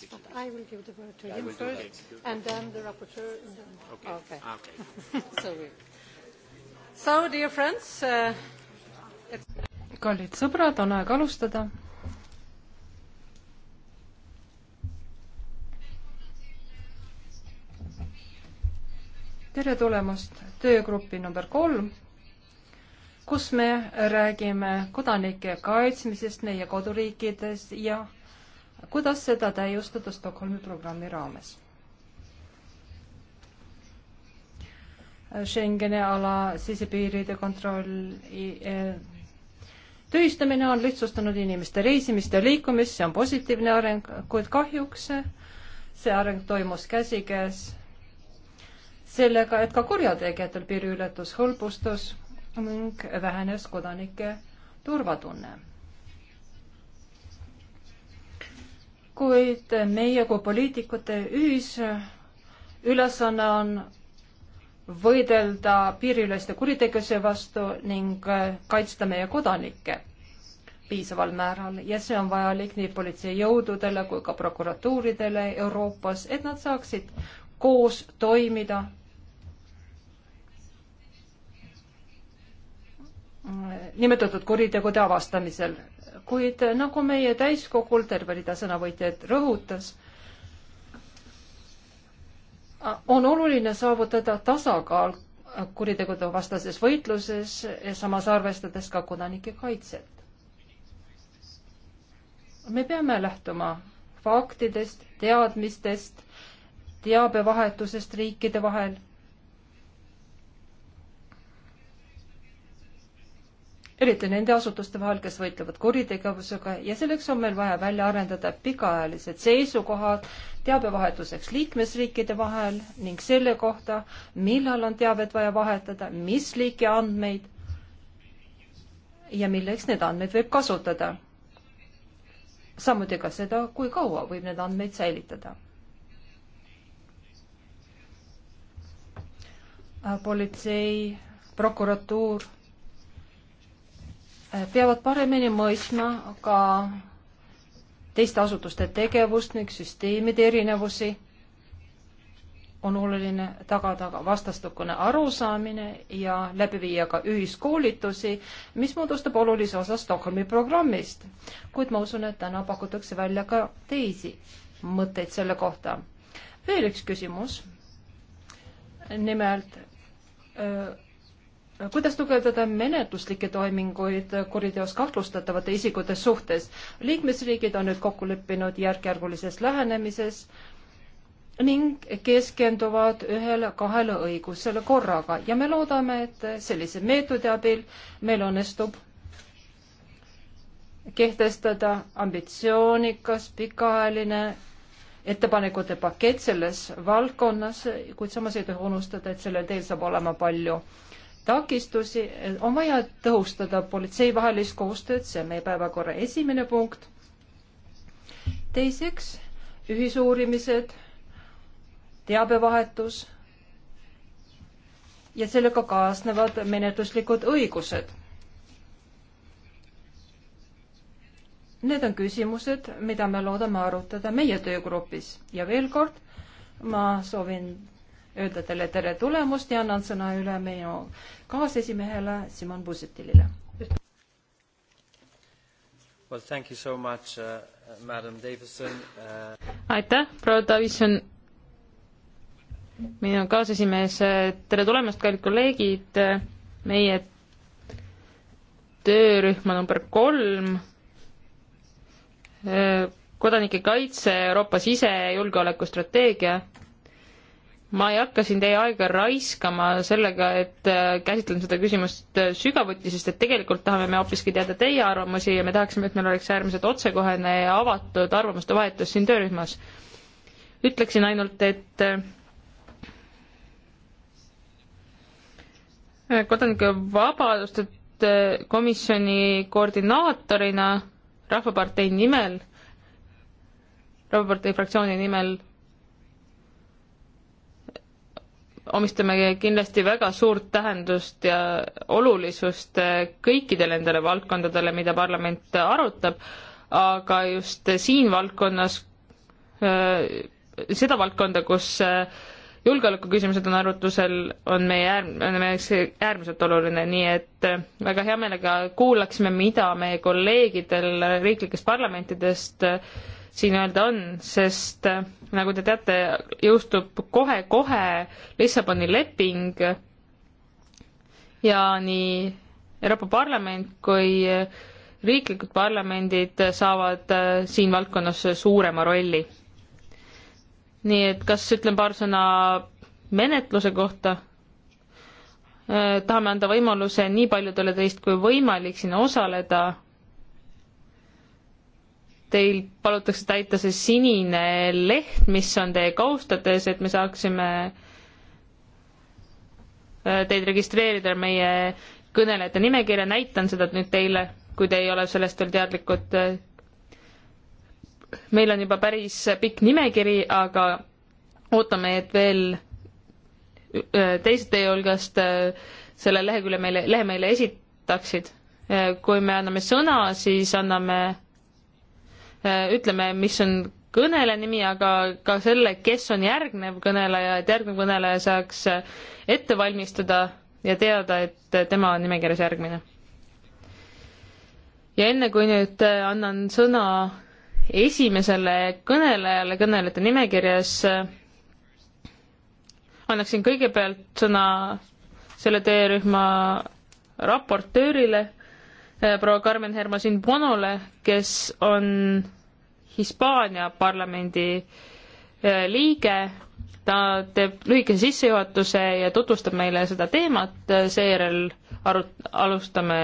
yes, but I will give the word to yeah, him first, that. and then the rapporteur. And then... Okay. Okay. Ah, okay. Sorry. So, dear friends, uh, it's... kallid sõbrad, on aeg alustada. tere tulemast töögruppi number kolm, kus me räägime kodanike kaitsmisest meie koduriikides ja kuidas seda täiustada Stockholmi programmi raames? Schengeni ala sisepiiride kontroll e, tühistamine on lihtsustanud inimeste reisimist ja liikumist, see on positiivne areng, kuid kahjuks see areng toimus käsikäes sellega, et ka kurjategijatel piiriületus hõlbustus ning vähenes kodanike turvatunne kuid meie kui poliitikute ühisülesanne on võidelda piiriüleste kuritegevuse vastu ning kaitsta meie kodanikke piisaval määral ja see on vajalik nii politseijõududele kui ka prokuratuuridele Euroopas, et nad saaksid koos toimida. nimetatud kuritegude avastamisel kuid nagu meie täiskogul terve rida sõnavõtjaid rõhutas, on oluline saavutada tasakaal kuritegude vastases võitluses ja samas arvestades ka kodanike kaitset. me peame lähtuma faktidest, teadmistest, teabevahetusest riikide vahel eriti nende asutuste vahel, kes võitlevad kuritegevusega ja selleks on meil vaja välja arendada pikaajalised seisukohad teabevahetuseks liikmesriikide vahel ning selle kohta, millal on teavet vaja vahetada, mis liiki andmeid ja milleks neid andmeid võib kasutada. samuti ka seda, kui kaua võib neid andmeid säilitada. politsei, prokuratuur Äh, peavad paremini mõistma ka teiste asutuste tegevust ning süsteemide erinevusi. on oluline tagada ka vastastikune arusaamine ja läbi viia ka ühiskoolitusi, mis moodustab olulise osa Stockholmi programmist. kuid ma usun, et täna pakutakse välja ka teisi mõtteid selle kohta. veel üks küsimus. nimelt öö, äh, kuidas tugevdada menetluslikke toiminguid kuriteos kahtlustatavate isikute suhtes? liikmesriigid on nüüd kokku leppinud järk-järgulises lähenemises ning keskenduvad ühele-kahele õigusele korraga ja me loodame, et sellise meetodi abil meil õnnestub kehtestada ambitsioonikas pikaajaline ettepanekute pakett selles valdkonnas, kuid samas ei tohi unustada, et sellel teel saab olema palju takistusi, on vaja tõhustada politseivahelist koostööd, see on meie päevakorra esimene punkt. teiseks, ühisuurimised, teabevahetus ja sellega kaasnevad menetluslikud õigused. Need on küsimused, mida me loodame arutada meie töögrupis ja veel kord ma soovin öelda talle tere tulemust ja annan sõna üle meie kaasesimehele Simon Busutilile. Well, thank you so much uh, uh,, madam Davison uh.... aitäh, proua Davison. minu kaasesimees, uh, tere tulemast, kallid kolleegid. meie töörühma number kolm uh, kodanike kaitse, Euroopa sisejulgeolekustrateegia ma ei hakka siin teie aega raiskama sellega, et äh, käsitlen seda küsimust äh, sügavuti, sest et tegelikult tahame me hoopiski teada teie arvamusi ja me tahaksime, et meil oleks äärmiselt otsekohene ja avatud arvamuste vahetus siin töörühmas. ütleksin ainult, et äh, kodanike vabaduste komisjoni koordinaatorina Rahvapartei nimel, Rahvapartei fraktsiooni nimel omistame kindlasti väga suurt tähendust ja olulisust kõikidele nendele valdkondadele, mida parlament arutab, aga just siin valdkonnas, seda valdkonda, kus julgeolekuküsimused on arutlusel, on meie äärm-, on meie jaoks äärmiselt oluline, nii et väga hea meelega kuulaksime, mida meie kolleegidel riiklikest parlamentidest äh, siin öelda on, sest äh, nagu te teate, jõustub kohe-kohe Lissaboni leping ja nii Euroopa Parlament kui äh, riiklikud parlamendid saavad äh, siin valdkonnas suurema rolli. nii et kas ütlen paar sõna menetluse kohta? tahame anda võimaluse nii paljudele teist kui võimalik sinna osaleda teil palutakse täita see sinine leht, mis on teie kaustades, et me saaksime äh, teid registreerida meie kõnelejate nimekirja, näitan seda nüüd teile, kui te ei ole sellest veel teadlikud. meil on juba päris pikk nimekiri, aga ootame, et veel äh, teised teie hulgast äh, selle lehekülje meile, lehe meile esitaksid. kui me anname sõna, siis anname Äh, ütleme, mis on kõneleja nimi, aga ka selle, kes on järgnev kõneleja, et järgnev kõneleja saaks äh, ette valmistada ja teada, et äh, tema on nimekirjas järgmine. ja enne, kui nüüd annan sõna esimesele kõnelejale kõnelejate nimekirjas, annaksin kõigepealt sõna selle töörühma raportöörile Äh, proua Carmen Hermosin Bonole, kes on Hispaania parlamendi äh, liige. ta teeb lühikese sissejuhatuse ja tutvustab meile seda teemat, äh, seejärel arut-, alustame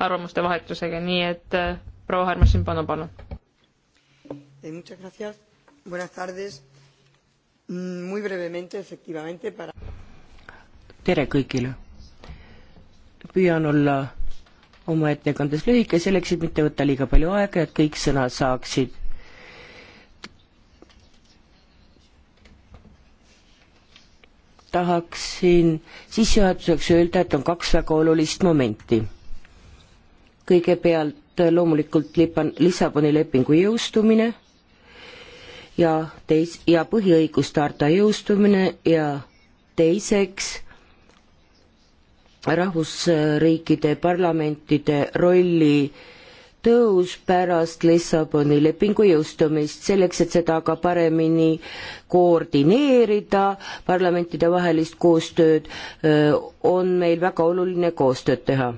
arvamuste vahetusega, nii et proua Hermosin Bono, palun. Eh, mm, tere kõigile. püüan olla oma ettekandes lühike, selleks et mitte võtta liiga palju aega, et kõik sõna saaksid. tahaksin sissejuhatuseks öelda, et on kaks väga olulist momenti. kõigepealt loomulikult Lipan-, Lissaboni lepingu jõustumine ja teis-, ja põhiõiguste harta jõustumine ja teiseks rahvusriikide parlamentide rolli tõus pärast Lissaboni lepingu jõustumist, selleks et seda ka paremini koordineerida, parlamentidevahelist koostööd, on meil väga oluline koostööd teha.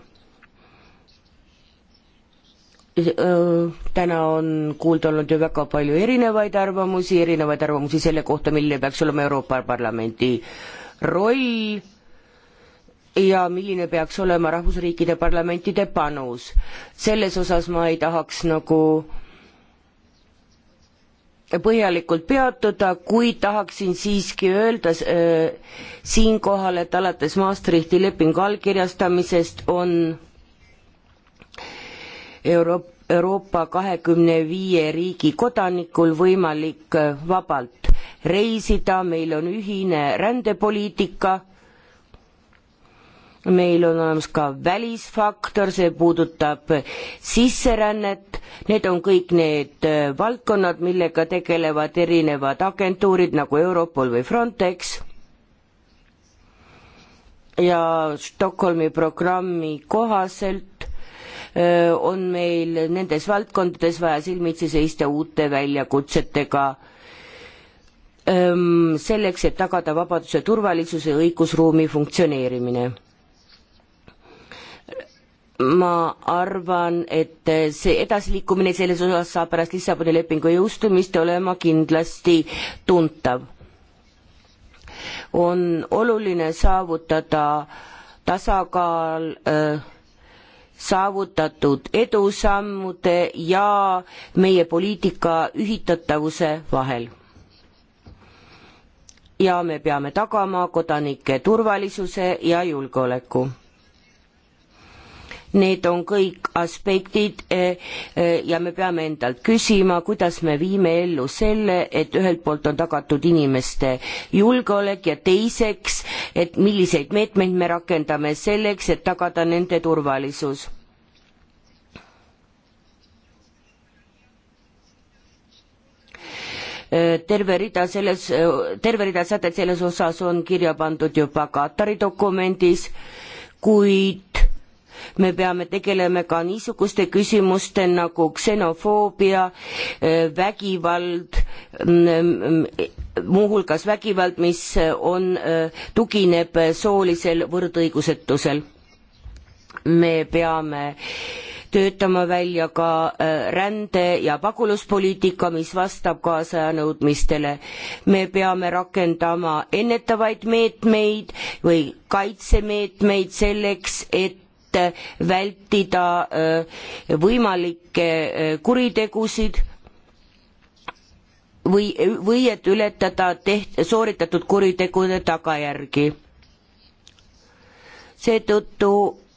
täna on kuulda olnud ju väga palju erinevaid arvamusi, erinevaid arvamusi selle kohta, milline peaks olema Euroopa Parlamendi roll ja milline peaks olema rahvusriikide parlamentide panus. selles osas ma ei tahaks nagu põhjalikult peatuda, kuid tahaksin siiski öelda äh, siinkohal, et alates Maastrichti lepingu allkirjastamisest on Euro Euroopa kahekümne viie riigi kodanikul võimalik äh, vabalt reisida, meil on ühine rändepoliitika meil on olemas ka välisfaktor, see puudutab sisserännet, need on kõik need äh, valdkonnad, millega tegelevad erinevad agentuurid nagu Europol või Frontex ja Stockholmi programmi kohaselt äh, on meil nendes valdkondades vaja silmitsi seista uute väljakutsetega ähm, selleks, et tagada vabaduse turvalisuse õigusruumi funktsioneerimine ma arvan, et see edasiliikumine selles osas saab pärast Lissaboni lepingu jõustumist olema kindlasti tuntav. on oluline saavutada tasakaal äh, saavutatud edusammude ja meie poliitika ühitatavuse vahel. ja me peame tagama kodanike turvalisuse ja julgeoleku Need on kõik aspektid eh, eh, ja me peame endalt küsima, kuidas me viime ellu selle, et ühelt poolt on tagatud inimeste julgeolek ja teiseks, et milliseid meetmeid me rakendame selleks, et tagada nende turvalisus eh, terve rida selles, terve rida sätted selles osas on kirja pandud juba Katari dokumendis, kuid me peame tegelema ka niisuguste küsimuste nagu ksenofoobia, äh, vägivald, mm, mm, muuhulgas vägivald, mis äh, on, äh, tugineb soolisel võrdõigusetusel. me peame töötama välja ka rände ja pagulaspoliitika, mis vastab kaasaja nõudmistele. me peame rakendama ennetavaid meetmeid või kaitsemeetmeid selleks, et et vältida äh, võimalikke äh, kuritegusid või, või et ületada teht-, sooritatud kuritegude tagajärgi. seetõttu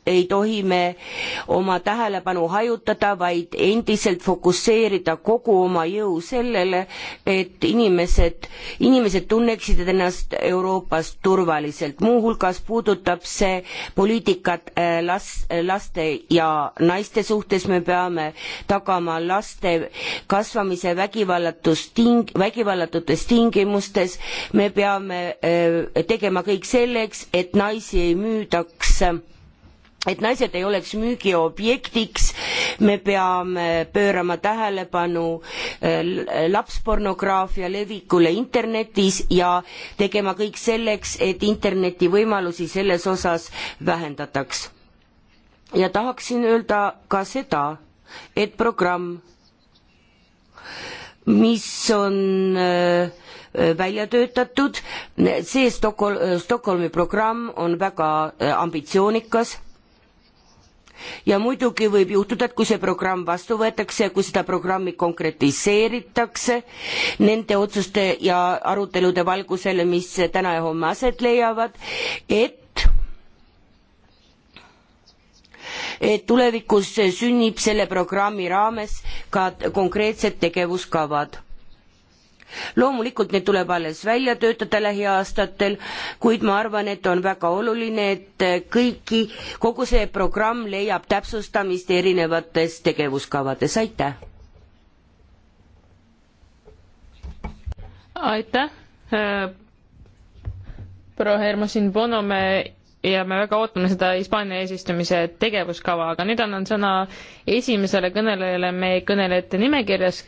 ei tohi me oma tähelepanu hajutada, vaid endiselt fokusseerida kogu oma jõu sellele, et inimesed, inimesed tunneksid ennast Euroopas turvaliselt. muuhulgas puudutab see poliitikat äh, las-, laste ja naiste suhtes, me peame tagama laste kasvamise vägivallatus ting-, vägivallatutes tingimustes, me peame äh, tegema kõik selleks, et naisi ei müüdaks et naised ei oleks müügiobjektiks, me peame pöörama tähelepanu äh, lapspornograafia levikule internetis ja tegema kõik selleks, et interneti võimalusi selles osas vähendataks. ja tahaksin öelda ka seda, et programm, mis on äh, välja töötatud, see Stockholmi programm on väga äh, ambitsioonikas ja muidugi võib juhtuda, et kui see programm vastu võetakse ja kui seda programmi konkretiseeritakse nende otsuste ja arutelude valgusel, mis täna ja homme aset leiavad, et et tulevikus sünnib selle programmi raames ka konkreetsed tegevuskavad loomulikult need tuleb alles välja töötada lähiaastatel, kuid ma arvan, et on väga oluline, et kõiki, kogu see programm leiab täpsustamist erinevates tegevuskavades, aitäh! aitäh, proua Hermosin Bono, me ja me väga ootame seda Hispaania eesistumise tegevuskava, aga nüüd annan sõna esimesele kõnelejale meie kõnelejate nimekirjas,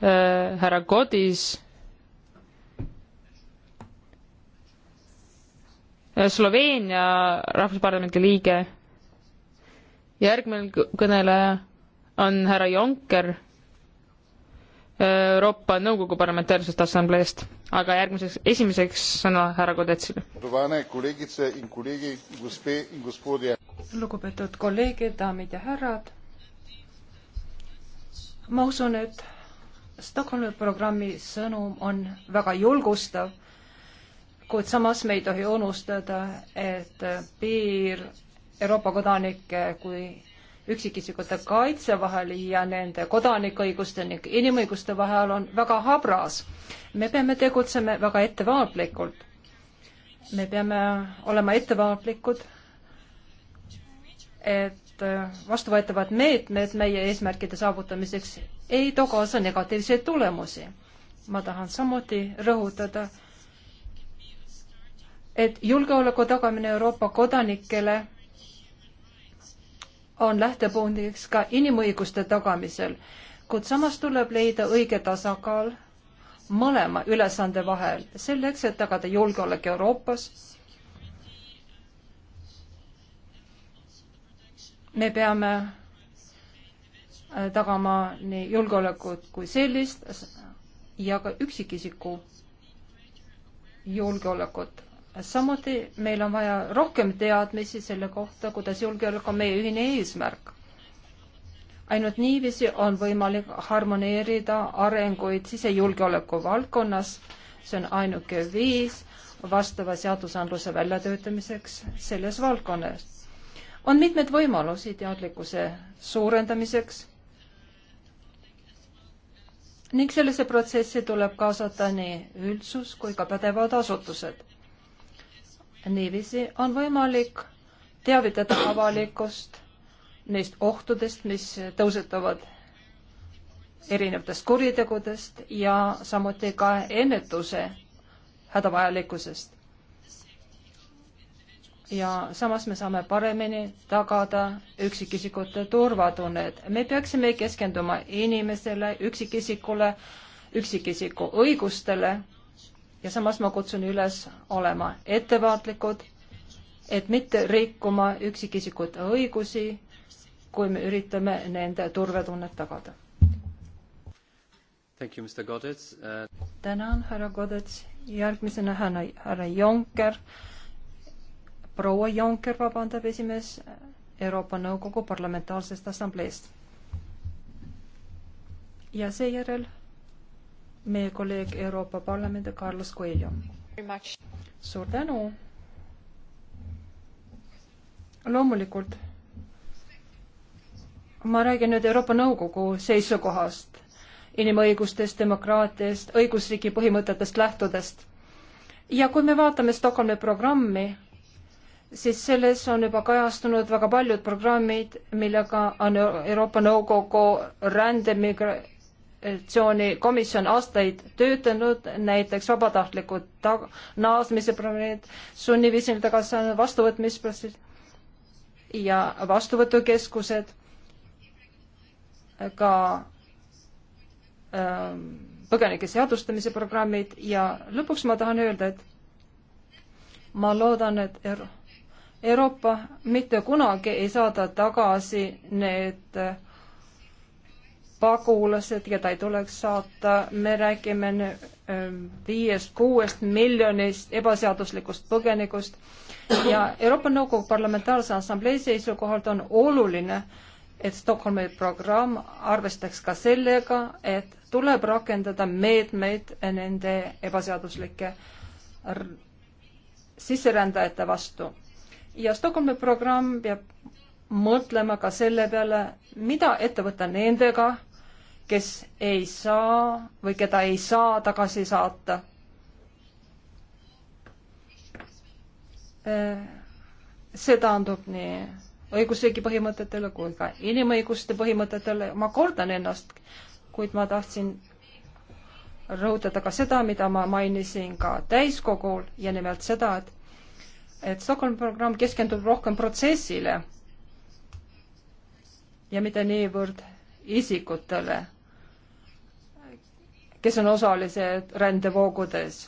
Äh, härra Godis äh, Sloveenia rahvusparlamendi liige. järgmine kõneleja on härra Jonker äh, Euroopa Nõukogu Parlamentaarsest Assambleest, aga järgmiseks, esimeseks sõna härra Kodetsile. lugupeetud kolleegid, daamid ja härrad. ma usun, et Stockholmi programmi sõnum on väga julgustav, kuid samas me ei tohi unustada, et piir Euroopa kodanike kui üksikisikute kaitse vahel ja nende kodanikuõiguste ning inimõiguste vahel on väga habras. me peame tegutsema väga ettevaatlikult. me peame olema ettevaatlikud, et et äh, vastuvõetavad meetmed meie eesmärkide saavutamiseks ei too kaasa negatiivseid tulemusi. ma tahan samuti rõhutada, et julgeoleku tagamine Euroopa kodanikele on lähtepunktiks ka inimõiguste tagamisel, kuid samas tuleb leida õige tasakaal mõlema ülesande vahel, selleks et tagada julgeolek Euroopas me peame äh, tagama nii julgeolekut kui sellist ja ka üksikisiku julgeolekut. samuti meil on vaja rohkem teadmisi selle kohta, kuidas julgeolek on meie ühine eesmärk. ainult niiviisi on võimalik harmoneerida arenguid sisejulgeoleku valdkonnas. see on ainuke viis vastava seadusandluse väljatöötamiseks selles valdkonnas on mitmeid võimalusi teadlikkuse suurendamiseks ning sellesse protsessi tuleb kaasata nii üldsus kui ka pädevad asutused. niiviisi on võimalik teavitada avalikkust neist ohtudest, mis tõusetuvad erinevatest kuritegudest ja samuti ka ennetuse hädavajalikkusest ja samas me saame paremini tagada üksikisikute turvatunnet. me peaksime keskenduma inimesele, üksikisikule, üksikisiku õigustele ja samas ma kutsun üles olema ettevaatlikud, et mitte rikkuma üksikisikute õigusi, kui me üritame nende turvatunnet tagada. Uh... tänan, härra Godets. järgmisena härra, härra Jonker proua Jonker, vabandab esimees Euroopa Nõukogu Parlamentaarsest Assambleest. ja seejärel meie kolleeg Euroopa Parlamendi Carlos Coelho. suur tänu. loomulikult ma räägin nüüd Euroopa Nõukogu seisukohast, inimõigustest, demokraatiast, õigusriigi põhimõtetest lähtudest. ja kui me vaatame Stockholmi programmi, siis selles on juba kajastunud väga paljud programmid, millega on Euroopa Nõukogu rändemigratsioonikomisjon aastaid töötanud, näiteks vabatahtlikud tag-, naasmise programmid, sunniviisiline tagasiside, vastuvõtmisprotsess ja vastuvõtukeskused, ka ähm, põgenike seadustamise programmid ja lõpuks ma tahan öelda, et ma loodan, et Euro-, Euroopa mitte kunagi ei saada tagasi need pagulased, keda ei tuleks saata, me räägime ähm, viiest-kuuest miljonist ebaseaduslikust põgenikust ja Euroopa Nõukogu Parlamentaarse Assamblee seisukohalt on oluline, et Stockholmi programm arvestaks ka sellega, et tuleb rakendada meetmeid nende ebaseaduslike sisserändajate vastu ja Stockholmi programm peab mõtlema ka selle peale, mida ette võtta nendega, kes ei saa või keda ei saa tagasi saata. Äh, see taandub nii õigusriigi põhimõtetele kui ka inimõiguste põhimõtetele. ma kordan ennast, kuid ma tahtsin rõhutada ka seda, mida ma mainisin ka täiskogul ja nimelt seda, et et Stockholmi programm keskendub rohkem protsessile ja mitte niivõrd isikutele, kes on osalised rändevoogudes.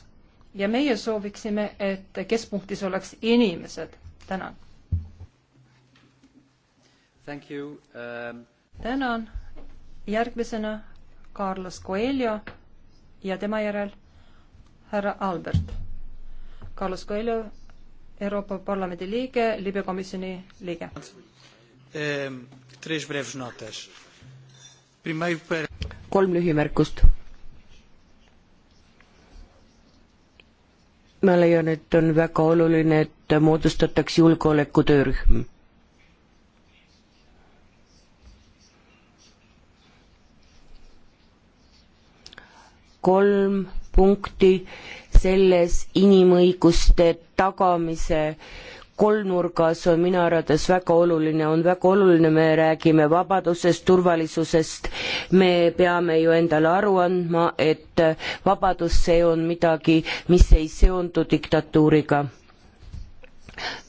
ja meie sooviksime, et keskpunktis oleks inimesed. tänan. Um... tänan. järgmisena Carlos Coelho ja tema järel härra Albert. Carlos Coelho Euroopa Parlamendi liige, Liibüa komisjoni liige. Ehm, kolm lühimärkust. ma leian, et on väga oluline, et moodustatakse julgeoleku töörühm kolm punkti selles inimõiguste tagamise kolmnurgas on minu arvates väga oluline, on väga oluline, me räägime vabadusest, turvalisusest, me peame ju endale aru andma, et vabadus, see on midagi, mis ei seondu diktatuuriga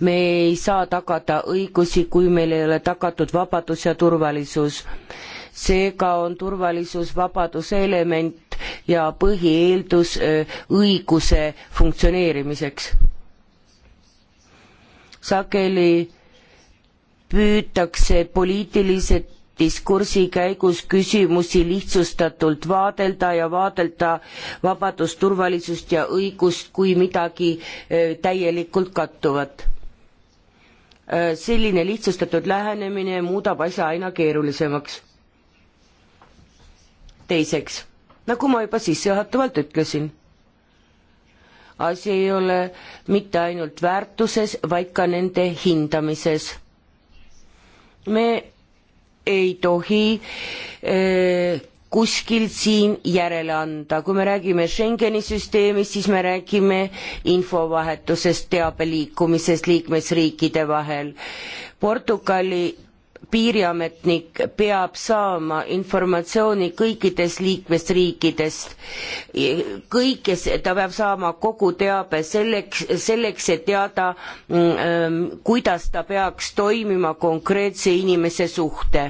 me ei saa tagada õigusi, kui meil ei ole tagatud vabadus ja turvalisus. seega on turvalisus vabaduse element ja põhieeldus õiguse funktsioneerimiseks. sageli püütakse poliitilise diskursi käigus küsimusi lihtsustatult vaadelda ja vaadelda vabadust, turvalisust ja õigust kui midagi täielikult kattuvat. selline lihtsustatud lähenemine muudab asja aina keerulisemaks. teiseks nagu ma juba sissejuhatavalt ütlesin. asi ei ole mitte ainult väärtuses, vaid ka nende hindamises. me ei tohi öö, eh, kuskil siin järele anda, kui me räägime Schengeni süsteemist, siis me räägime infovahetusest, teabe liikumisest liikmesriikide vahel. Portugali piiriametnik peab saama informatsiooni kõikidest liikmesriikidest, kõikes, ta peab saama kogu teabe selleks, selleks, et teada, mm, ähm, kuidas ta peaks toimima konkreetse inimese suhte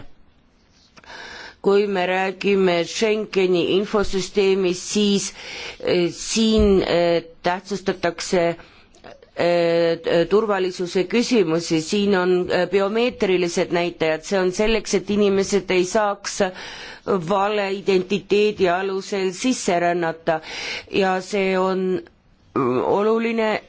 kui me räägime Schengeni infosüsteemist, siis äh, siin äh, tähtsustatakse Äh, turvalisuse küsimusi, siin on äh, biomeetrilised näitajad, see on selleks, et inimesed ei saaks valeidentiteedi alusel sisse rännata ja see on äh, oluline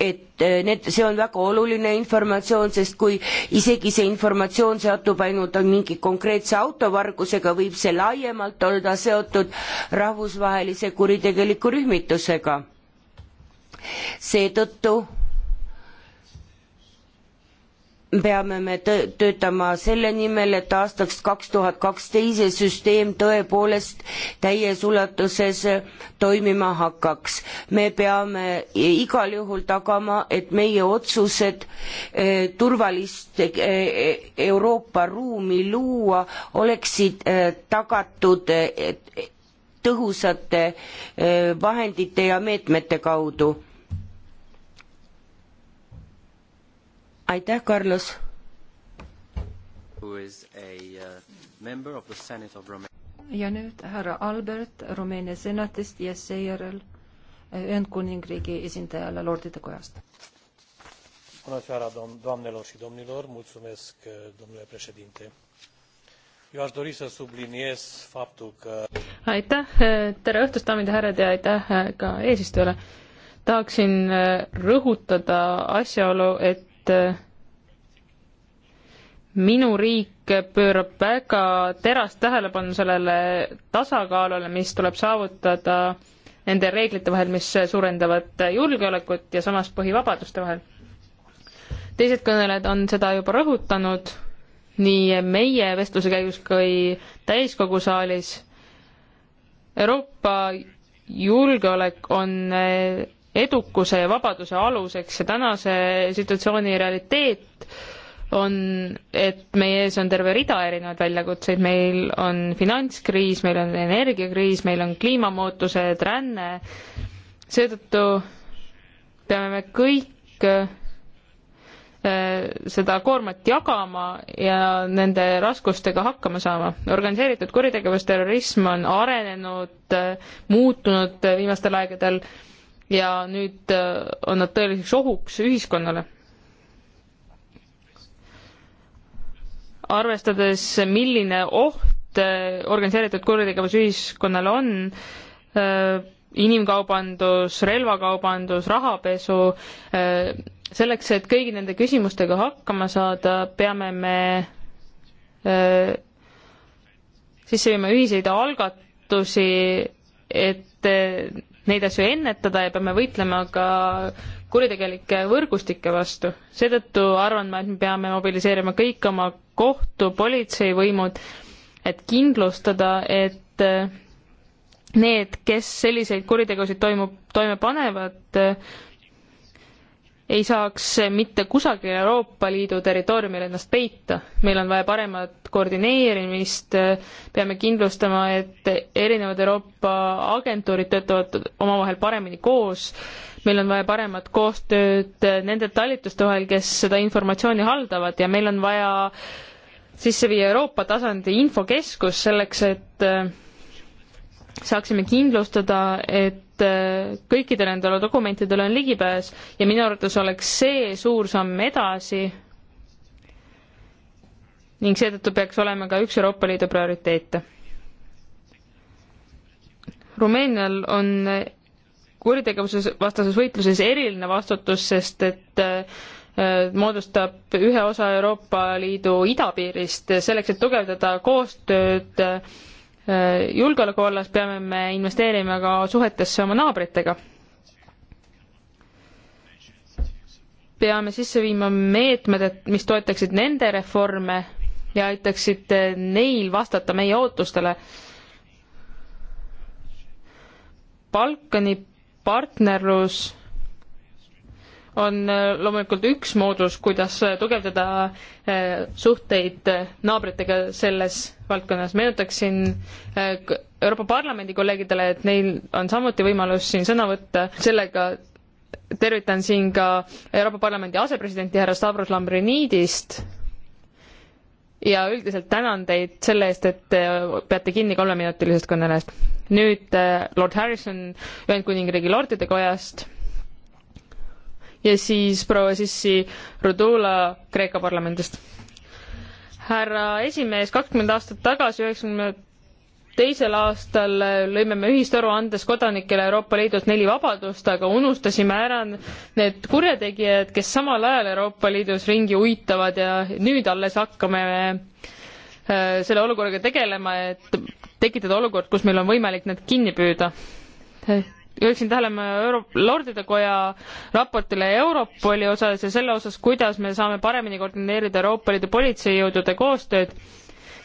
et need, see on väga oluline informatsioon, sest kui isegi see informatsioon seotub ainult mingi konkreetse autovargusega, võib see laiemalt olla seotud rahvusvahelise kuritegeliku rühmitusega seetõttu peame me töötama selle nimel, et aastaks kaks tuhat kaksteist see süsteem tõepoolest täies ulatuses toimima hakkaks. me peame igal juhul tagama, et meie otsused eh, turvalist eh, eh, Euroopa ruumi luua oleksid tagatud tõhusate vahendite ja meetmete kaudu aitäh, Carlos! Uh, ja nüüd härra Albert Rumeenia senatist ja seejärel eh, Ühendkuningriigi esindajale Lordide Kojast. Bună seara, doamnelor și domnilor, mulțumesc, eh, domnule președinte. Eu aș dori să subliniez faptul că... Aitäh, eh, tere õhtust, daamid ja härrad ja aitäh ka eesistujale. Tahaksin rõhutada asjaolu, et et äh, minu riik pöörab väga terast tähelepanu sellele tasakaalule, mis tuleb saavutada nende reeglite vahel, mis suurendavad julgeolekut ja samas põhivabaduste vahel. teised kõnelejad on seda juba rõhutanud nii meie vestluse käigus kui täiskogu saalis. Euroopa julgeolek on äh, edukuse ja vabaduse aluseks ja tänase situatsiooni realiteet on, et meie ees on terve rida erinevaid väljakutseid, meil on finantskriis, meil on energiakriis, meil on kliimamuutused, ränne, seetõttu peame me kõik äh, seda koormat jagama ja nende raskustega hakkama saama. organiseeritud kuritegevus, terrorism on arenenud, äh, muutunud äh, viimastel aegadel ja nüüd äh, on nad tõeliseks ohuks ühiskonnale. arvestades, milline oht äh, organiseeritud kuritegevus ühiskonnale on, äh, inimkaubandus, relvakaubandus, rahapesu, selleks, et kõigi nende küsimustega hakkama saada, peame me sisse viima ühiseid algatusi, et neid asju ennetada ja peame võitlema ka kuritegelike võrgustike vastu. seetõttu arvan ma, et me peame mobiliseerima kõik oma kohtu, politseivõimud, et kindlustada, et eh, need, kes selliseid kuritegusid toimub, toime panevad, eh, ei saaks mitte kusagil Euroopa Liidu territooriumil ennast peita. meil on vaja paremat koordineerimist, peame kindlustama, et erinevad Euroopa agentuurid töötavad omavahel paremini koos, meil on vaja paremat koostööd nende talituste vahel, kes seda informatsiooni haldavad ja meil on vaja sisse viia Euroopa tasandi infokeskus selleks, et saaksime kindlustada, et äh, kõikidele nendele dokumentidele on ligipääs ja minu arvates oleks see suur samm edasi ning seetõttu peaks olema ka üks Euroopa Liidu prioriteete. Rumeenial on kuritegevuse vastases võitluses eriline vastutus, sest et äh, moodustab ühe osa Euroopa Liidu idapiirist selleks, et tugevdada koostööd äh, Äh, julgeoleku vallas peame me investeerima ka suhetesse oma naabritega. peame sisse viima meetmed, et mis toetaksid nende reforme ja aitaksid äh, neil vastata meie ootustele. Balkani partnerlus on äh, loomulikult üks moodus, kuidas äh, tugevdada äh, suhteid naabritega selles valdkonnas. meenutaksin Euroopa Parlamendi kolleegidele, et neil on samuti võimalus siin sõna võtta, sellega tervitan siin ka Euroopa Parlamendi asepresidenti härra Stavros Lambrinidist ja üldiselt tänan teid selle eest, et te peate kinni kolmeminutilisest kõnelest. nüüd Lord Harrison Ühendkuningriigi lordide kojast ja siis proua Sissi Rudula Kreeka parlamendist. härra esimees, kakskümmend aastat tagasi, üheksakümne teisel aastal lõime me ühistaruandes kodanikele Euroopa Liidult neli vabadust, aga unustasime ära need kurjategijad, kes samal ajal Euroopa Liidus ringi uitavad ja nüüd alles hakkame äh, selle olukorraga tegelema, et tekitada olukord, kus meil on võimalik nad kinni püüda juhiksin tähelepanu Euro-, Lordide Koja raportile Europoli osas ja selle osas, kuidas me saame paremini koordineerida Euroopa Liidu politseijõudude koostööd.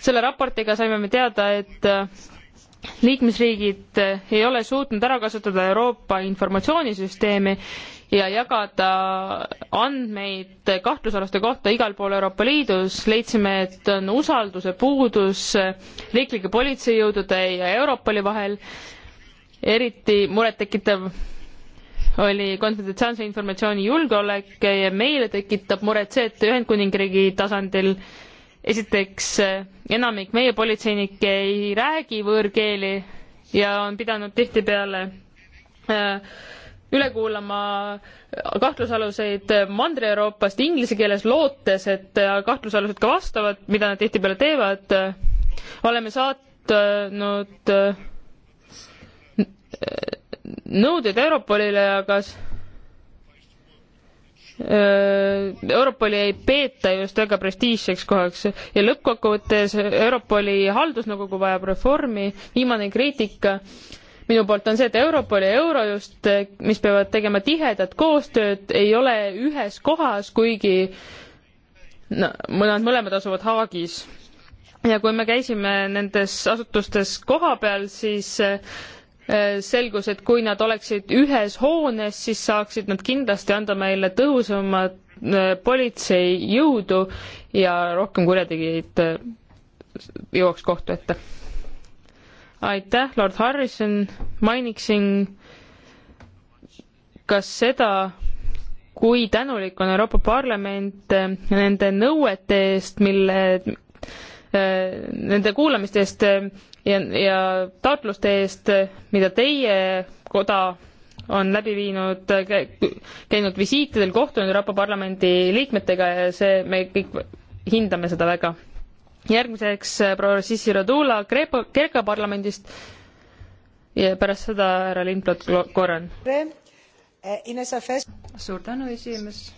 selle raportiga saime me teada, et äh, liikmesriigid äh, ei ole suutnud ära kasutada Euroopa informatsioonisüsteemi ja jagada andmeid kahtlusalaste kohta igal pool Euroopa Liidus, leidsime, et on usalduse puudus äh, riiklike politseijõudude ja Europoli vahel eriti murettekitav oli konfidentsiaalse informatsiooni julgeolek ja meile tekitab muret see, et Ühendkuningriigi tasandil esiteks eh, enamik meie politseinikke ei räägi võõrkeeli ja on pidanud tihtipeale eh, üle kuulama kahtlusaluseid Mandri-Euroopast inglise keeles, lootes, et eh, kahtlusalused ka vastavad, mida nad tihtipeale teevad. oleme saatnud Äh, nõudeid Europolile, aga äh, Europoli ei peeta just väga prestiižseks kohaks ja lõppkokkuvõttes Europoli haldusnõukogu vajab reformi, viimane kriitika minu poolt on see, et Europol ja Eurojust, äh, mis peavad tegema tihedat koostööd, ei ole ühes kohas, kuigi no, nad mõlemad asuvad Haagis. ja kui me käisime nendes asutustes kohapeal, siis Äh, selgus, et kui nad oleksid ühes hoones, siis saaksid nad kindlasti anda meile tõhusamat äh, politseijõudu ja rohkem kurjategijaid äh, jõuaks kohtu ette. aitäh, lord Harrison, mainiksin ka seda, kui tänulik on Euroopa Parlament nende nõuete eest, mille, nende kuulamiste eest, ja, ja taotluste eest, mida teie koda on läbi viinud, käinud visiitidel, kohtunud Euroopa Parlamendi liikmetega ja see, me kõik hindame seda väga. järgmiseks äh, proua Sissi Radula Kreeka, Kreeka parlamendist ja pärast seda härra Lindblad Korran. suur tänu, esimees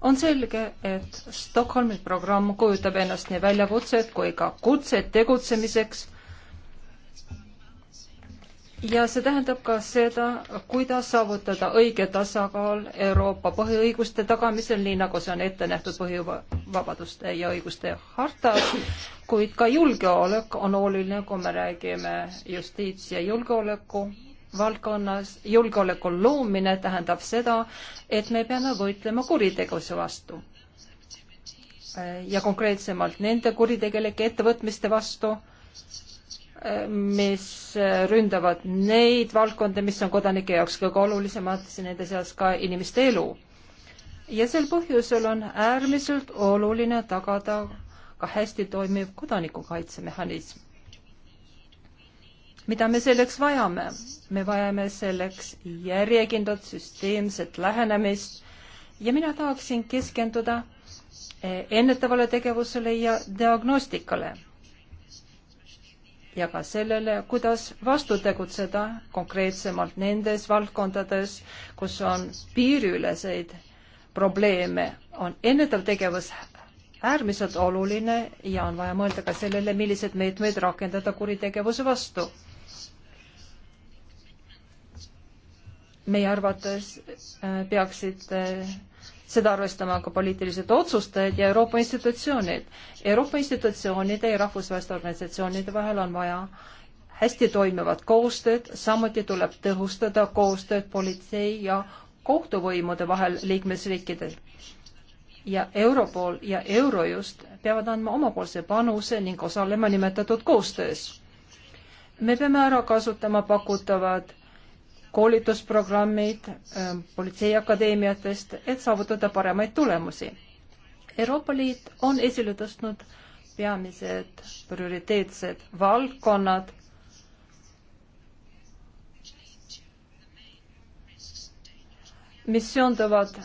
on selge, et Stockholmi programm kujutab ennast nii väljakutset kui ka kutset tegutsemiseks. ja see tähendab ka seda, kuidas saavutada õige tasakaal Euroopa põhiõiguste tagamisel, nii nagu see on ette nähtud põhivabaduste ja õiguste hartas, kuid ka julgeolek on oluline, kui me räägime justiits- ja julgeoleku valdkonnas julgeoleku loomine tähendab seda, et me peame võitlema kuritegevuse vastu ja konkreetsemalt nende kuritegelike ettevõtmiste vastu, mis ründavad neid valdkondi, mis on kodanike jaoks kõige olulisemad, nende seas ka inimeste elu. ja sel põhjusel on äärmiselt oluline tagada ka hästi toimiv kodanikukaitsemehhanism mida me selleks vajame? me vajame selleks järjekindlat süsteemset lähenemist ja mina tahaksin keskenduda eh, ennetavale tegevusele ja diagnostikale ja ka sellele, kuidas vastu tegutseda konkreetsemalt nendes valdkondades, kus on piiriüleseid probleeme, on ennetav tegevus äärmiselt oluline ja on vaja mõelda ka sellele, millised meetmeid rakendada kuritegevuse vastu. meie arvates äh, peaksid äh, seda arvestama ka poliitilised otsustajad ja Euroopa institutsioonid. Euroopa institutsioonide ja rahvusvaheliste organisatsioonide vahel on vaja hästi toimivat koostööd, samuti tuleb tõhustada koostööd politsei ja kohtuvõimude vahel liikmesriikidel. ja Europol ja Eurojust peavad andma omapoolse panuse ning osalema nimetatud koostöös. me peame ära kasutama pakutavad koolitusprogrammid ähm, politseiakadeemiatest, et saavutada paremaid tulemusi. Euroopa Liit on esile tõstnud peamised prioriteetsed valdkonnad, mis seonduvad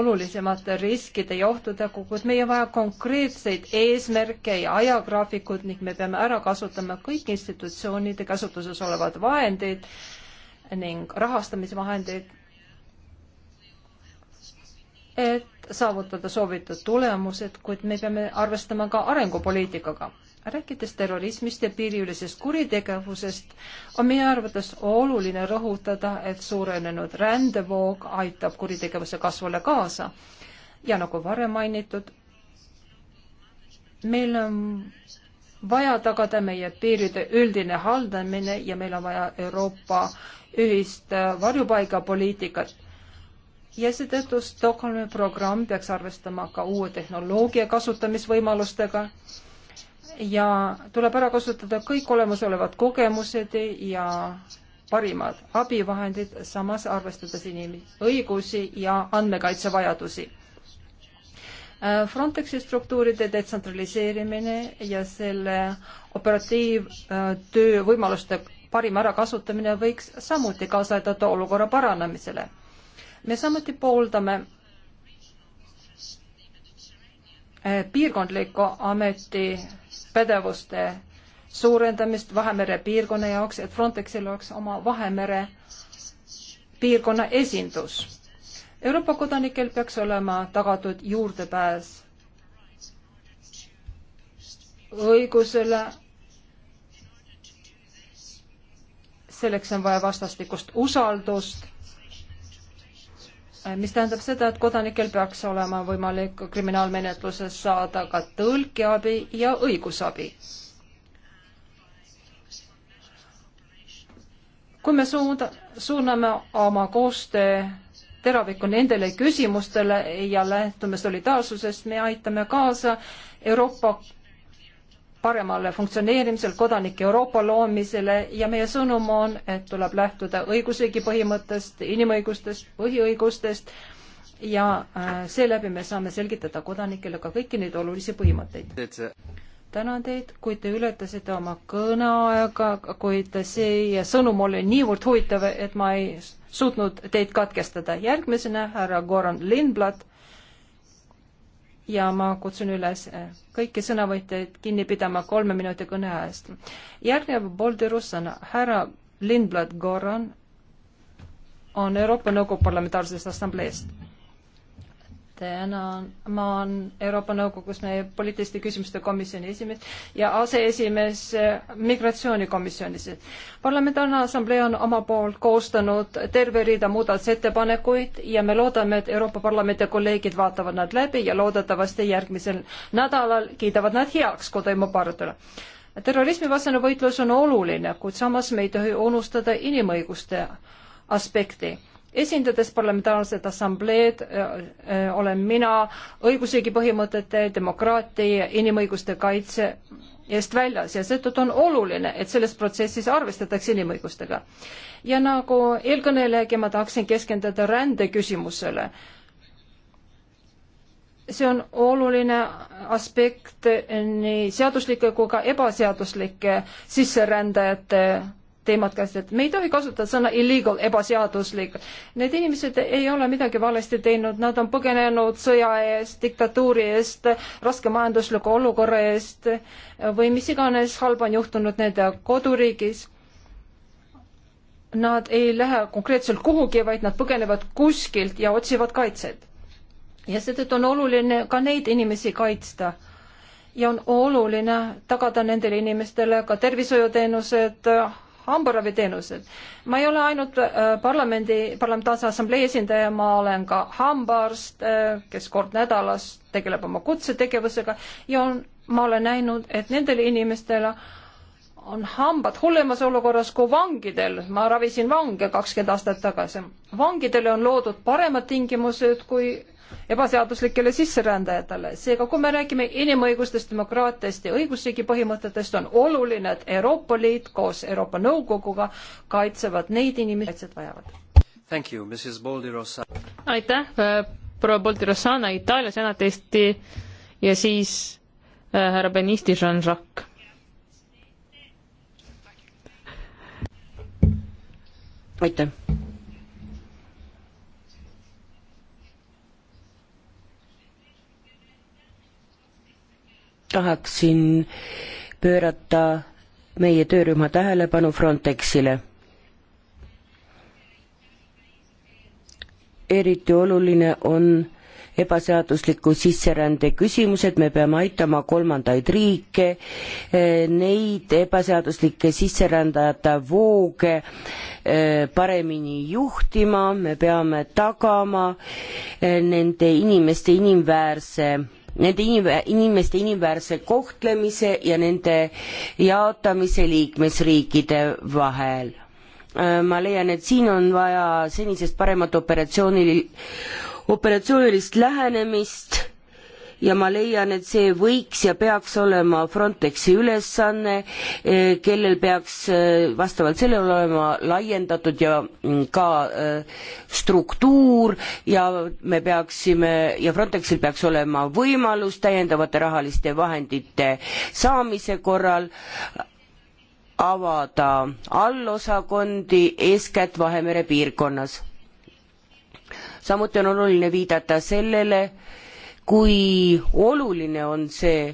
olulisemate riskide ja ohtudega, kuid meil on vaja konkreetseid eesmärke ja ajagraafikud ning me peame ära kasutama kõik institutsioonide käsutuses olevad vahendid ning rahastamisvahendid, et saavutada soovitud tulemused, kuid me peame arvestama ka arengupoliitikaga. rääkides terrorismist ja piiriülisest kuritegevusest, on meie arvates oluline rõhutada, et suurenenud rändevoog aitab kuritegevuse kasvule kaasa ja nagu varem mainitud, meil on vaja tagada meie piiride üldine haldamine ja meil on vaja Euroopa ühist äh, varjupaigapoliitikat. ja seetõttu Stockholmi programm peaks arvestama ka uue tehnoloogia kasutamisvõimalustega ja tuleb ära kasutada kõik olemasolevad kogemused ja parimad abivahendid, samas arvestades inimõigusi ja andmekaitsevajadusi äh, Frontexi struktuuride detsentraliseerimine ja selle operatiivtöö võimaluste parim ärakasutamine võiks samuti kaasa aidata olukorra paranemisele. me samuti pooldame eh, piirkondliku ameti pädevuste suurendamist Vahemere piirkonna jaoks, et Frontexil oleks oma Vahemere piirkonna esindus. Euroopa kodanikel peaks olema tagatud juurdepääs õigusele selleks on vaja vastastikust usaldust, mis tähendab seda, et kodanikel peaks olema võimalik kriminaalmenetluses saada ka tõlkiabi ja õigusabi. kui me suunda, suuname oma koostöö teraviku nendele küsimustele ja lähtume solidaarsusest, me aitame kaasa Euroopa paremale funktsioneerimisele, kodanike Euroopa loomisele ja meie sõnum on, et tuleb lähtuda õigusriigi põhimõttest, inimõigustest, põhiõigustest ja äh, seeläbi me saame selgitada kodanikele ka kõiki neid olulisi põhimõtteid. tänan teid, kuid te ületasite oma kõneaega, kuid see sõnum oli niivõrd huvitav, et ma ei suutnud teid katkestada. järgmisena härra Goran Lindblad ja ma kutsun üles eh, kõiki sõnavõtjaid kinni pidama kolme minuti kõne ajast. järgnev Bolderus on härra Lindblad Goran, on Euroopa Nõukogu Parlamentaarsest Assambleest tänan, ma olen Euroopa Nõukogus meie poliitiliste küsimuste komisjoni esimees ja aseesimees eh, migratsioonikomisjonis. parlamentaarne assamblee on oma poolt koostanud terve rida muudatusettepanekuid ja me loodame, et Euroopa Parlamendi kolleegid vaatavad nad läbi ja loodetavasti järgmisel nädalal kiidavad nad heaks, kui toimub arutelu terrorismivastane võitlus on oluline, kuid samas me ei tohi unustada inimõiguste aspekti esindades parlamentaarset assambleed äh, äh, olen mina õigusriigi põhimõtete, demokraatia, inimõiguste kaitse eest väljas ja seetõttu on oluline, et selles protsessis arvestatakse inimõigustega. ja nagu eelkõnelejagi, ma tahaksin keskenduda rändeküsimusele. see on oluline aspekt nii seaduslike kui ka ebaseaduslike sisserändajate teemat käsitleda. me ei tohi kasutada sõna illegal, ebaseaduslik. Need inimesed ei ole midagi valesti teinud, nad on põgenenud sõja eest, diktatuuri eest, raske majandusliku olukorra eest või mis iganes halba on juhtunud nende koduriigis. Nad ei lähe konkreetselt kuhugi, vaid nad põgenevad kuskilt ja otsivad kaitset. ja seetõttu on oluline ka neid inimesi kaitsta ja on oluline tagada nendele inimestele ka tervishoiuteenused, hambaraviteenused. ma ei ole ainult äh, parlamendi, parlamentaarse assamblee esindaja, ma olen ka hambaarst, äh, kes kord nädalas tegeleb oma kutsetegevusega ja on, ma olen näinud, et nendele inimestele on hambad hullemas olukorras kui vangidel. ma ravisin vange kakskümmend aastat tagasi. vangidele on loodud paremad tingimused kui ebaseaduslikele sisserändajatele. seega, kui me räägime inimõigustest, demokraatiast ja õigusriigi põhimõtetest, on oluline, et Euroopa Liit koos Euroopa Nõukoguga kaitsevad neid inimesi, kaitset vajavad. aitäh, äh, proua Boldirosana Itaalia senatist ja siis äh, härra äh, Benisti Jean-Jacques. aitäh tahaksin pöörata meie töörühma tähelepanu Frontexile. eriti oluline on ebaseadusliku sisserände küsimused, me peame aitama kolmandaid riike, eh, neid ebaseaduslikke sisserändajate vooge eh, paremini juhtima, me peame tagama eh, nende inimeste inimväärse nende inim-, inimeste inimväärse kohtlemise ja nende jaotamise liikmesriikide vahel. Äh, ma leian, et siin on vaja senisest paremat operatsiooni, operatsioonilist lähenemist ja ma leian, et see võiks ja peaks olema Frontexi ülesanne, eh, kellel peaks eh, vastavalt sellele olema laiendatud ja mm, ka eh, struktuur ja me peaksime ja Frontexil peaks olema võimalus täiendavate rahaliste vahendite saamise korral avada allosakondi eeskätt Vahemere piirkonnas. samuti on oluline viidata sellele, kui oluline on see,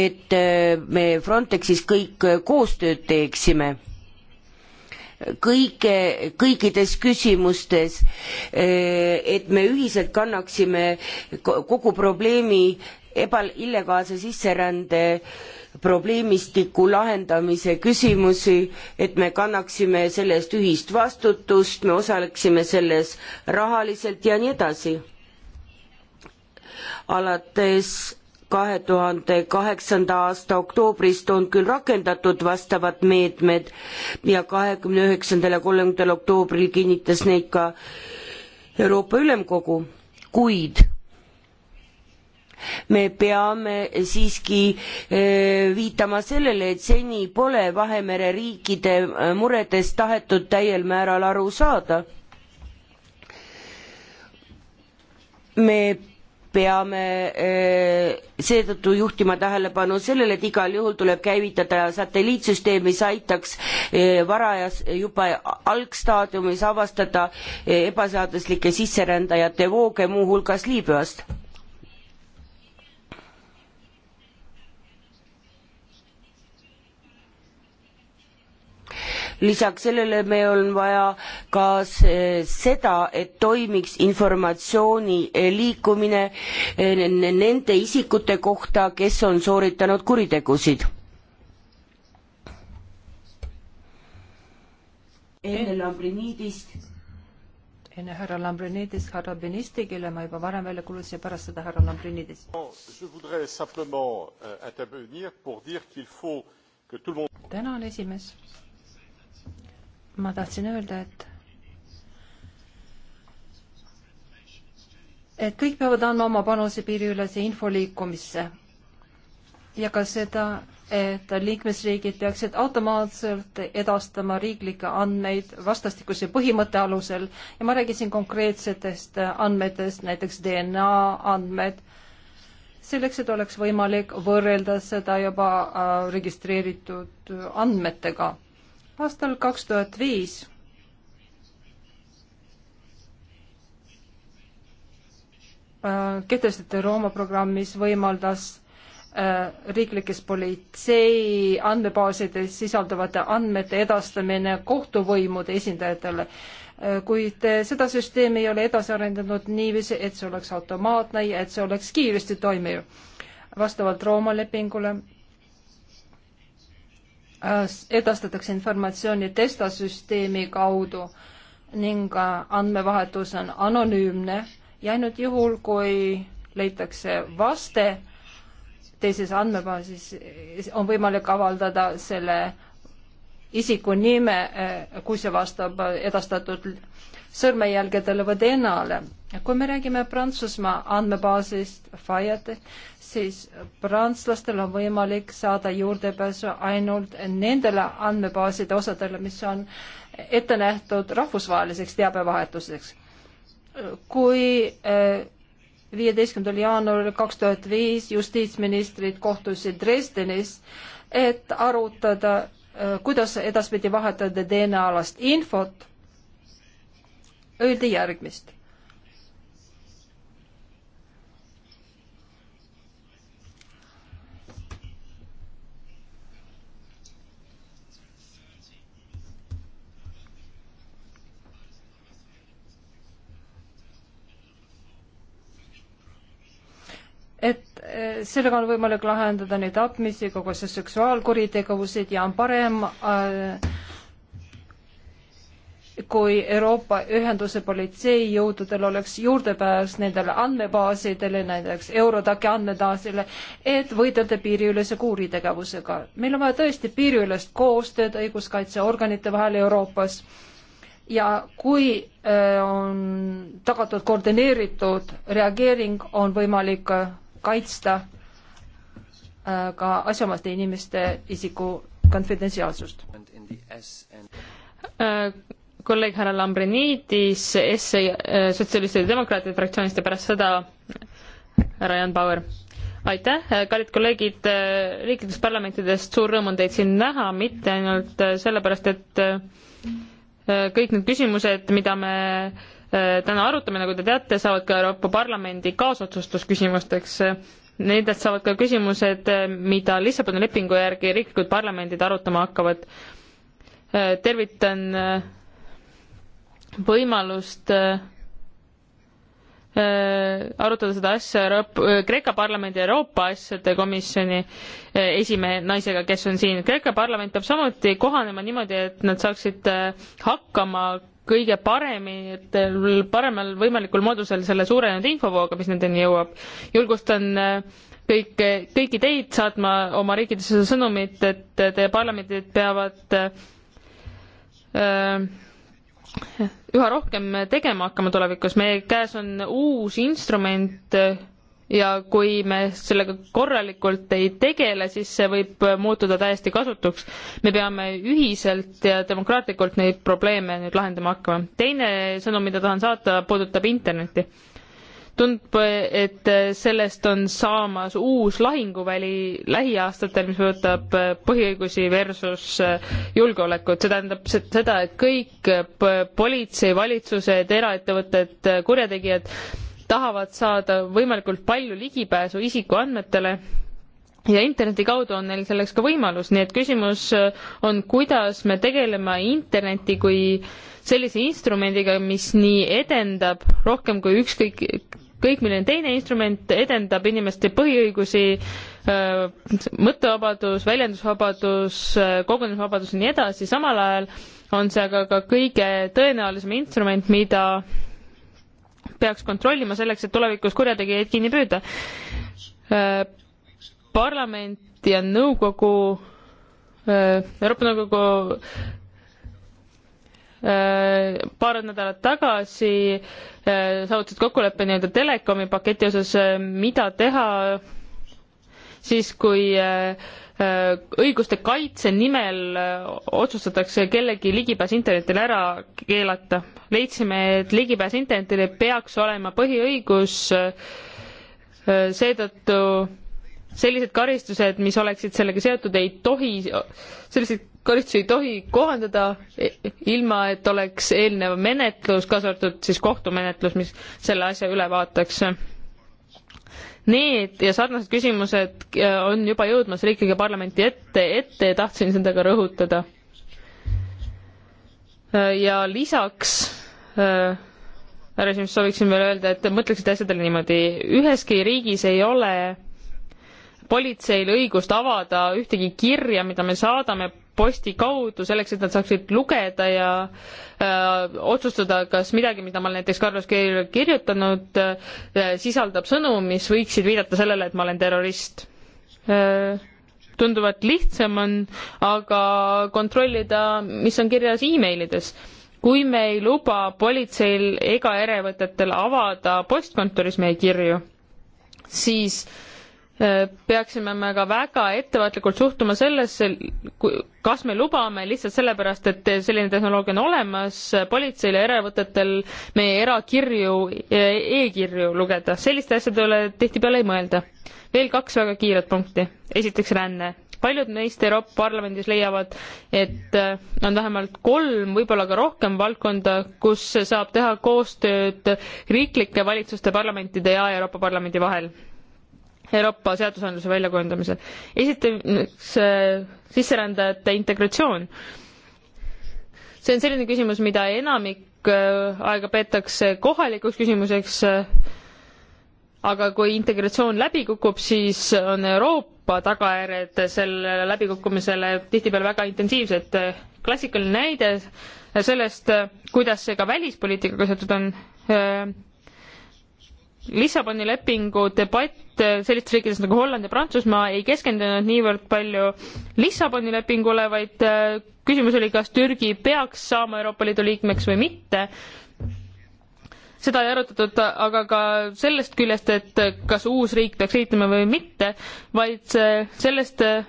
et äh, me Frontexis kõik äh, koostööd teeksime kõige, kõikides küsimustes, äh, et me ühiselt kannaksime kogu probleemi eba, illegaalse sisserände probleemistiku lahendamise küsimusi, et me kannaksime selle eest ühist vastutust, me osaleksime selles rahaliselt ja nii edasi alates kahe tuhande kaheksanda aasta oktoobrist on küll rakendatud vastavad meetmed ja kahekümne üheksandal ja kolmandal oktoobril kinnitas neid ka Euroopa Ülemkogu, kuid me peame siiski eh, viitama sellele, et seni pole Vahemere riikide eh, muredest tahetud täiel määral aru saada. me peame eh, seetõttu juhtima tähelepanu sellele, et igal juhul tuleb käivitada satelliitsüsteem, mis aitaks eh, varajas juba algstaadiumis avastada eh, ebaseaduslike sisserändajate vooge, muuhulgas Liibüast lisaks sellele meil on vaja ka seda, et toimiks informatsiooni eh, liikumine eh, nende isikute kohta, kes on sooritanud kuritegusid. enne Lambrinidist. enne härra Lambrinidist härra Benisti, kelle ma juba varem välja kuulutasin, pärast seda härra Lambrinidist. Euh, tänan, esimees ma tahtsin öelda, et et kõik peavad andma oma panuse piiriülese info liikumisse ja ka seda, et liikmesriigid peaksid automaatselt edastama riiklikke andmeid vastastikuse põhimõtte alusel ja ma räägisin konkreetsetest andmetest, näiteks DNA andmed, selleks, et oleks võimalik võrrelda seda juba äh, registreeritud andmetega aastal kaks tuhat viis äh, kehtestati Rooma programm, mis võimaldas äh, riiklikes politsei andmebaasides sisalduvate andmete edastamine kohtuvõimude esindajatele, äh, kuid seda süsteemi ei ole edasi arendanud niiviisi, et see oleks automaatne ja et see oleks kiiresti toimiv. vastavalt Rooma lepingule Äh, edastatakse informatsiooni testasüsteemi kaudu ning äh, andmevahetus on anonüümne ja ainult juhul, kui leitakse vaste teises andmebaasis, on võimalik avaldada selle isiku nime, äh, kui see vastab edastatud sõrmejälgedele või DNA-le. kui me räägime Prantsusmaa andmebaasist, FIAT-ist, siis prantslastel on võimalik saada juurdepääsu ainult nendele andmebaaside osadele, mis on ette nähtud rahvusvaheliseks teabevahetuseks. kui eh, viieteistkümnendal jaanuaril kaks tuhat viis justiitsministrid kohtusid Dresdenis, et arutada, eh, kuidas edaspidi vahetada DNA-alast infot, öeldi järgmist et e, sellega on võimalik lahendada neid tapmisi, kogu see seksuaalkuritegevused ja on parem äh, kui Euroopa Ühenduse politseijõududel oleks juurdepääs nendele andmebaasidele, näiteks Eurodaki andmebaasile, et võidelda piiriülese kuritegevusega. meil on vaja tõesti piiriülest koostööd õiguskaitseorganite vahel Euroopas ja kui e, on tagatud koordineeritud reageering, on võimalik kaitsta äh, ka asjaomaste inimeste isiku konfidentsiaalsust. Äh, kolleeg härra Lambriniidis, esse äh, Sotsialistide Demokraatide fraktsioonist ja pärast seda härra Jan Bauer aitäh, kallid kolleegid riiklikest parlamentidest, suur rõõm on teid siin näha, mitte ainult sellepärast, et kõik need küsimused, mida me Äh, täna arutame, nagu te teate, saavad ka Euroopa Parlamendi kaasotsustusküsimusteks. Nendest saavad ka küsimused, äh, mida Lissaboni lepingu järgi riiklikud parlamendid arutama hakkavad. Äh, tervitan võimalust arutada seda asja Euroopa, Kreeka parlamendi Euroopa asjade komisjoni esimehe naisega, kes on siin. Kreeka parlament peab samuti kohanema niimoodi, et nad saaksid hakkama kõige paremini, paremal võimalikul moodusel selle suurenenud infovooga, mis nendeni jõuab. julgustan äh, kõik, kõiki teid saatma oma riikidesse sõnumit, et äh, teie parlamendid peavad äh, üha rohkem tegema hakkama tulevikus. meie käes on uus instrument äh,, ja kui me sellega korralikult ei tegele, siis see võib muutuda täiesti kasutuks. me peame ühiselt ja demokraatlikult neid probleeme nüüd lahendama hakkama. teine sõnum, mida tahan saata, puudutab internetti. tundub, et sellest on saamas uus lahinguväli lähiaastatel, mis puudutab põhiõigusi versus julgeolekut. see tähendab seda, et kõik politsei, valitsused, eraettevõtted, kurjategijad tahavad saada võimalikult palju ligipääsu isikuandmetele ja interneti kaudu on neil selleks ka võimalus, nii et küsimus äh, on, kuidas me tegeleme interneti kui sellise instrumendiga, mis nii edendab rohkem kui ükskõik, kõik milline teine instrument edendab inimeste põhiõigusi, äh, mõttevabadus, väljendusvabadus, äh, kogunemisvabadus ja nii edasi, samal ajal on see aga ka kõige tõenäolisem instrument, mida peaks kontrollima selleks, et tulevikus kurjategijaid kinni püüda. Äh, parlament ja nõukogu, äh, Euroopa Nõukogu äh, paar nädalat tagasi saavutasid kokkuleppe nii-öelda telekomi paketi osas, mida teha siis, kui äh, Äh, õiguste kaitse nimel äh, otsustatakse kellegi ligipääs internetile ära keelata. leidsime, et ligipääs internetile peaks olema põhiõigus, äh, seetõttu sellised karistused, mis oleksid sellega seotud, ei tohi, selliseid karistusi ei tohi kohandada e, ilma, et oleks eelnev menetlus, kaasa arvatud siis kohtumenetlus, mis selle asja üle vaataks Need ja sarnased küsimused äh, on juba jõudmas riiklike parlamenti ette, ette ja tahtsin seda ka rõhutada. Äh, ja lisaks äh, härra esimees, sooviksin veel öelda, et mõtleksite asjadele niimoodi, üheski riigis ei ole politseil õigust avada ühtegi kirja, mida me saadame posti kaudu selleks, et nad saaksid lugeda ja äh, otsustada, kas midagi, mida ma olen näiteks Carlos Keilile kirjutanud äh,, sisaldab sõnu, mis võiksid viidata sellele, et ma olen terrorist äh,. tunduvalt lihtsam on aga kontrollida, mis on kirjas emailides kui me ei luba politseil ega erevõtetel avada postkontoris meie kirju, siis äh, peaksime me ka väga ettevaatlikult suhtuma sellesse, kas me lubame lihtsalt sellepärast, et selline tehnoloogia on olemas, politseil ja eraettevõtetel meie erakirju e, e-kirju lugeda. selliste asjade üle tihtipeale ei mõelda. veel kaks väga kiiret punkti. esiteks ränne. paljud neist Euroopa Parlamendis leiavad, et on vähemalt kolm, võib-olla ka rohkem valdkonda, kus saab teha koostööd riiklike valitsuste, parlamentide ja Euroopa Parlamendi vahel Euroopa seadusandluse väljakujundamisel. esiteks äh, sisserändajate integratsioon. see on selline küsimus, mida enamik äh, aega peetakse kohalikuks küsimuseks, äh, aga kui integratsioon läbi kukub, siis on Euroopa tagajärjed sellele läbikukkumisele tihtipeale väga intensiivsed. klassikaline näide sellest, kuidas see ka välispoliitikaga seotud on, Lissaboni lepingu debatt sellistes riikides nagu Holland ja Prantsusmaa ei keskendunud niivõrd palju Lissaboni lepingule, vaid äh, küsimus oli, kas Türgi peaks saama Euroopa Liidu liikmeks või mitte. seda ei arutatud aga ka sellest küljest, et kas uus riik peaks liituma või mitte, vaid äh, sellest, äh,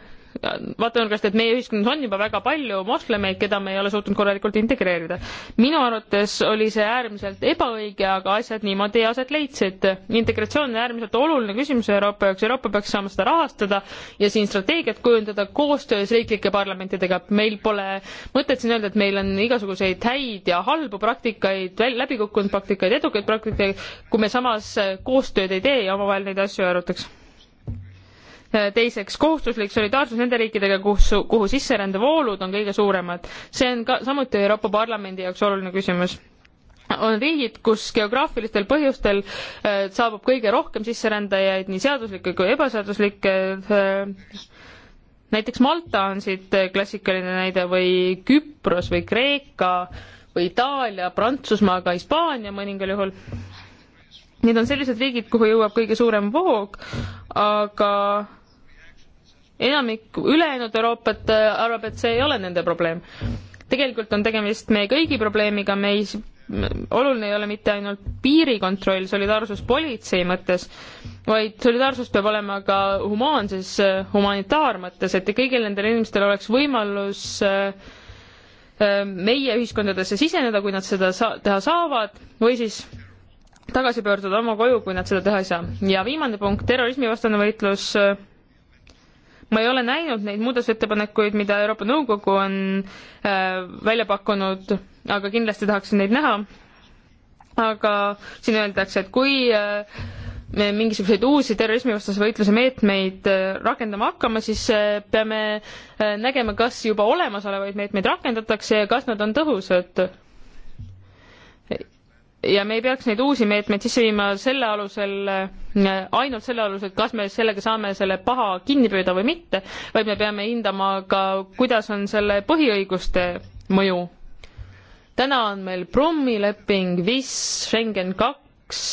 vaatenurgast, et meie ühiskonnas on juba väga palju moslemeid, keda me ei ole suutnud korralikult integreerida. minu arvates oli see äärmiselt ebaõige, aga asjad niimoodi aset leidsid. integratsioon on äärmiselt oluline küsimus Euroopa jaoks, Euroopa peaks saama seda rahastada ja siin strateegiat kujundada koostöös riiklike parlamentidega. meil pole mõtet siin öelda, et meil on igasuguseid häid ja halbu praktikaid, läbikukkunud praktikaid, edukaid praktikaid, kui me samas koostööd ei tee ja omavahel neid asju ei arutaks Äh, teiseks kohustuslik solidaarsus nende riikidega, kus, kuhu sisserändevoolud on kõige suuremad. see on ka samuti Euroopa Parlamendi jaoks oluline küsimus on riigid, kus geograafilistel põhjustel äh, saabub kõige rohkem sisserändajaid, nii seaduslikke kui ebaseaduslikke. Äh, näiteks Malta on siit klassikaline näide või Küpros või Kreeka või Itaalia, Prantsusmaa, ka Hispaania mõningal juhul. Need on sellised riigid, kuhu jõuab kõige suurem voog, aga enamik ülejäänud Euroopat äh, arvab, et see ei ole nende probleem. tegelikult on tegemist meie kõigi probleemiga, me ei, oluline ei ole mitte ainult piirikontroll, solidaarsus politsei mõttes, vaid solidaarsus peab olema ka humaanses, äh, humanitaar mõttes, et kõigil nendel inimestel oleks võimalus äh, meie ühiskondadesse siseneda, kui nad seda sa-, teha saavad, või siis tagasi pöörduda oma koju, kui nad seda teha ei saa. ja viimane punkt, terrorismivastane võitlus ma ei ole näinud neid muudatusettepanekuid, mida Euroopa Nõukogu on äh, välja pakkunud, aga kindlasti tahaksin neid näha. aga siin öeldakse, et kui äh, me mingisuguseid uusi terrorismivastase võitluse meetmeid äh, rakendama hakkama, siis äh, peame äh, nägema, kas juba olemasolevaid meetmeid rakendatakse ja kas nad on tõhusad ja me ei peaks neid uusi meetmeid sisse viima selle alusel, ainult selle alusel, kas me sellega saame selle paha kinni püüda või mitte, vaid me peame hindama ka, kuidas on selle põhiõiguste mõju. täna on meil Brummi leping, WIS, Schengen kaks,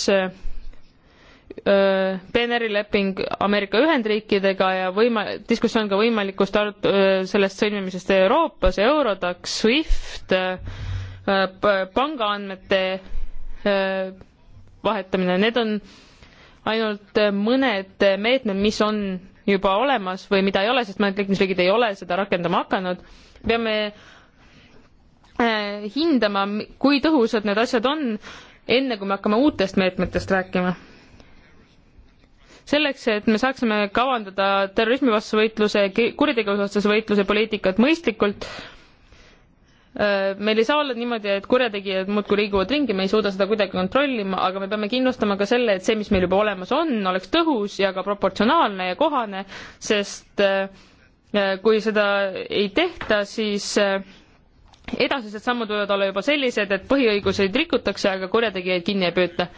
PNR-i leping Ameerika Ühendriikidega ja võima-, diskussioon ka võimalikust arut-, sellest sõlmimisest Euroopas, Eurodax, SWIFT, pangaandmete Äh, vahetamine, need on ainult äh, mõned äh, meetmed, mis on juba olemas või mida ei ole, sest mõned liikmesriigid ei ole seda rakendama hakanud. peame hindama, kui tõhusad need asjad on, enne kui me hakkame uutest meetmetest rääkima. selleks, et me saaksime kavandada terrorismi vastu võitluse, kuritegevuse vastase võitluse poliitikat mõistlikult, Äh, meil ei saa olla niimoodi, et kurjategijad muudkui liiguvad ringi, me ei suuda seda kuidagi kontrollima, aga me peame kindlustama ka selle, et see, mis meil juba olemas on, oleks tõhus ja ka proportsionaalne ja kohane, sest äh, äh, kui seda ei tehta, siis edasised sammud võivad olla juba sellised, et põhiõiguseid rikutakse, aga kurjategijaid kinni ei püüta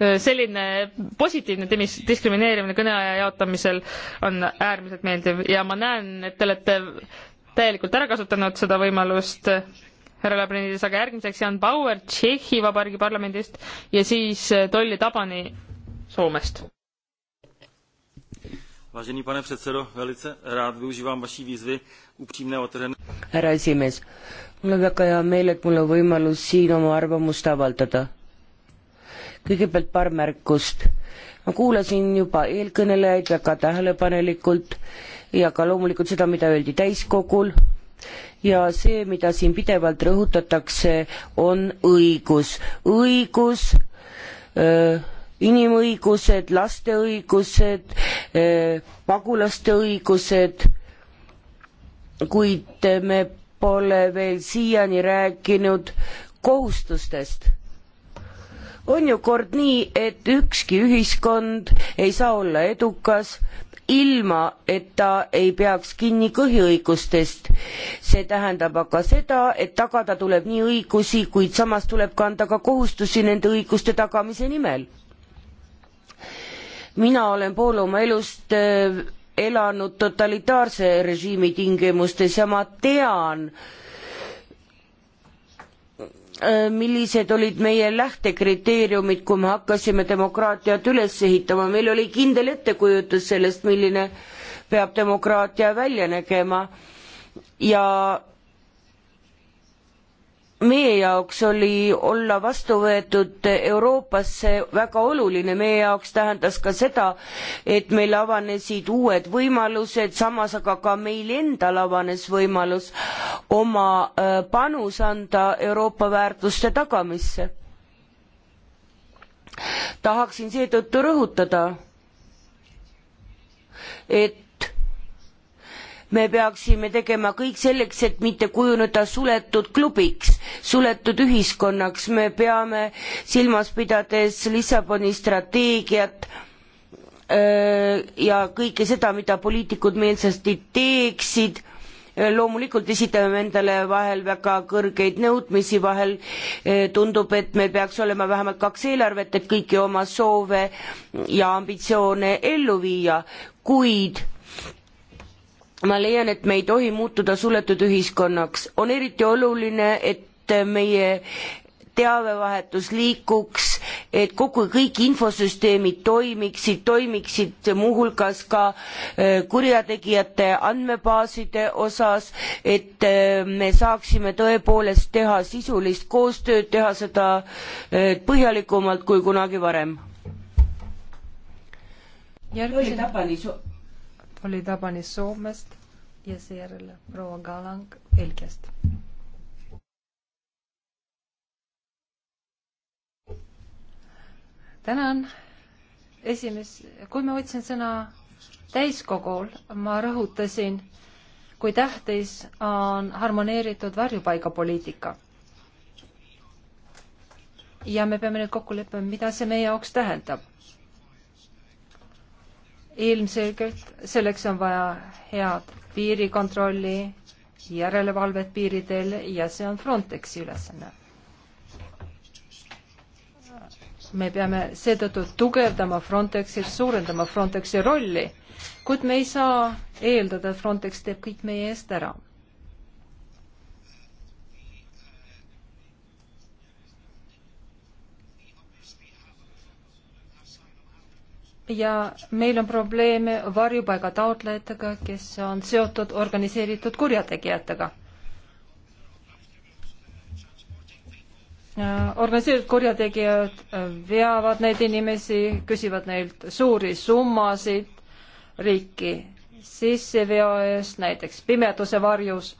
selline positiivne diskrimineerimine kõneaja jaotamisel on äärmiselt meeldiv ja ma näen, et te olete täielikult ära kasutanud seda võimalust härra Labrinides, aga järgmiseks Jan Bauer Tšehhi Vabariigi Parlamendist ja siis eh, Tolli Tabani Soomest. Vážený pane předsedo, velice rád využívám vaší výzvy upřímné otevřené. Härra esimees, mul on väga hea meel, et mul on võimalus siin oma arvamust avaldada kõigepealt paar märkust. ma kuulasin juba eelkõnelejaid väga tähelepanelikult ja ka loomulikult seda, mida öeldi täiskogul ja see, mida siin pidevalt rõhutatakse, on õigus. õigus öö, inimõigused, laste õigused, pagulaste õigused, kuid me pole veel siiani rääkinud kohustustest on ju kord nii, et ükski ühiskond ei saa olla edukas ilma, et ta ei peaks kinni põhiõigustest. see tähendab aga seda, et tagada tuleb nii õigusi, kuid samas tuleb kanda ka kohustusi nende õiguste tagamise nimel. mina olen pool oma elust äh, elanud totalitaarse režiimi tingimustes ja ma tean, Äh, millised olid meie lähtekriteeriumid, kui me hakkasime demokraatiat üles ehitama, meil oli kindel ettekujutus sellest, milline peab demokraatia välja nägema ja meie jaoks oli olla vastu võetud Euroopasse väga oluline, meie jaoks tähendas ka seda, et meil avanesid uued võimalused, samas aga ka meil endal avanes võimalus oma äh, panus anda Euroopa väärtuste tagamisse. tahaksin seetõttu rõhutada, et me peaksime tegema kõik selleks, et mitte kujuneda suletud klubiks, suletud ühiskonnaks, me peame silmas pidades Lissaboni strateegiat ja kõike seda, mida poliitikud meelsasti teeksid loomulikult esitame endale vahel väga kõrgeid nõudmisi, vahel tundub, et meil peaks olema vähemalt kaks eelarvet, et kõiki oma soove ja ambitsioone ellu viia, kuid ma leian, et me ei tohi muutuda suletud ühiskonnaks. on eriti oluline, et meie teavevahetus liikuks, et kogu, kõik infosüsteemid toimiksid, toimiksid muuhulgas ka äh, kurjategijate andmebaaside osas, et äh, me saaksime tõepoolest teha sisulist koostööd, teha seda äh, põhjalikumalt kui kunagi varem. järgmine oli Tabanis Soomest ja seejärel proua Galang Belgiast. tänan, esimees, kui ma võtsin sõna täiskogul, ma rõhutasin, kui tähtis on harmoneeritud varjupaigapoliitika. ja me peame nüüd kokku leppima, mida see meie jaoks tähendab ilmselgelt selleks on vaja head piirikontrolli, järelevalvet piiridel ja see on Frontexi ülesanne. me peame seetõttu tugevdama Frontexit, suurendama Frontexi rolli, kuid me ei saa eeldada, et Frontex teeb kõik meie eest ära ja meil on probleeme varjupaiga taotlejatega, kes on seotud organiseeritud kurjategijatega. Äh, organiseeritud kurjategijad äh, veavad neid inimesi, küsivad neilt suuri summasid riiki sisseveo eest, näiteks pimeduse varjus.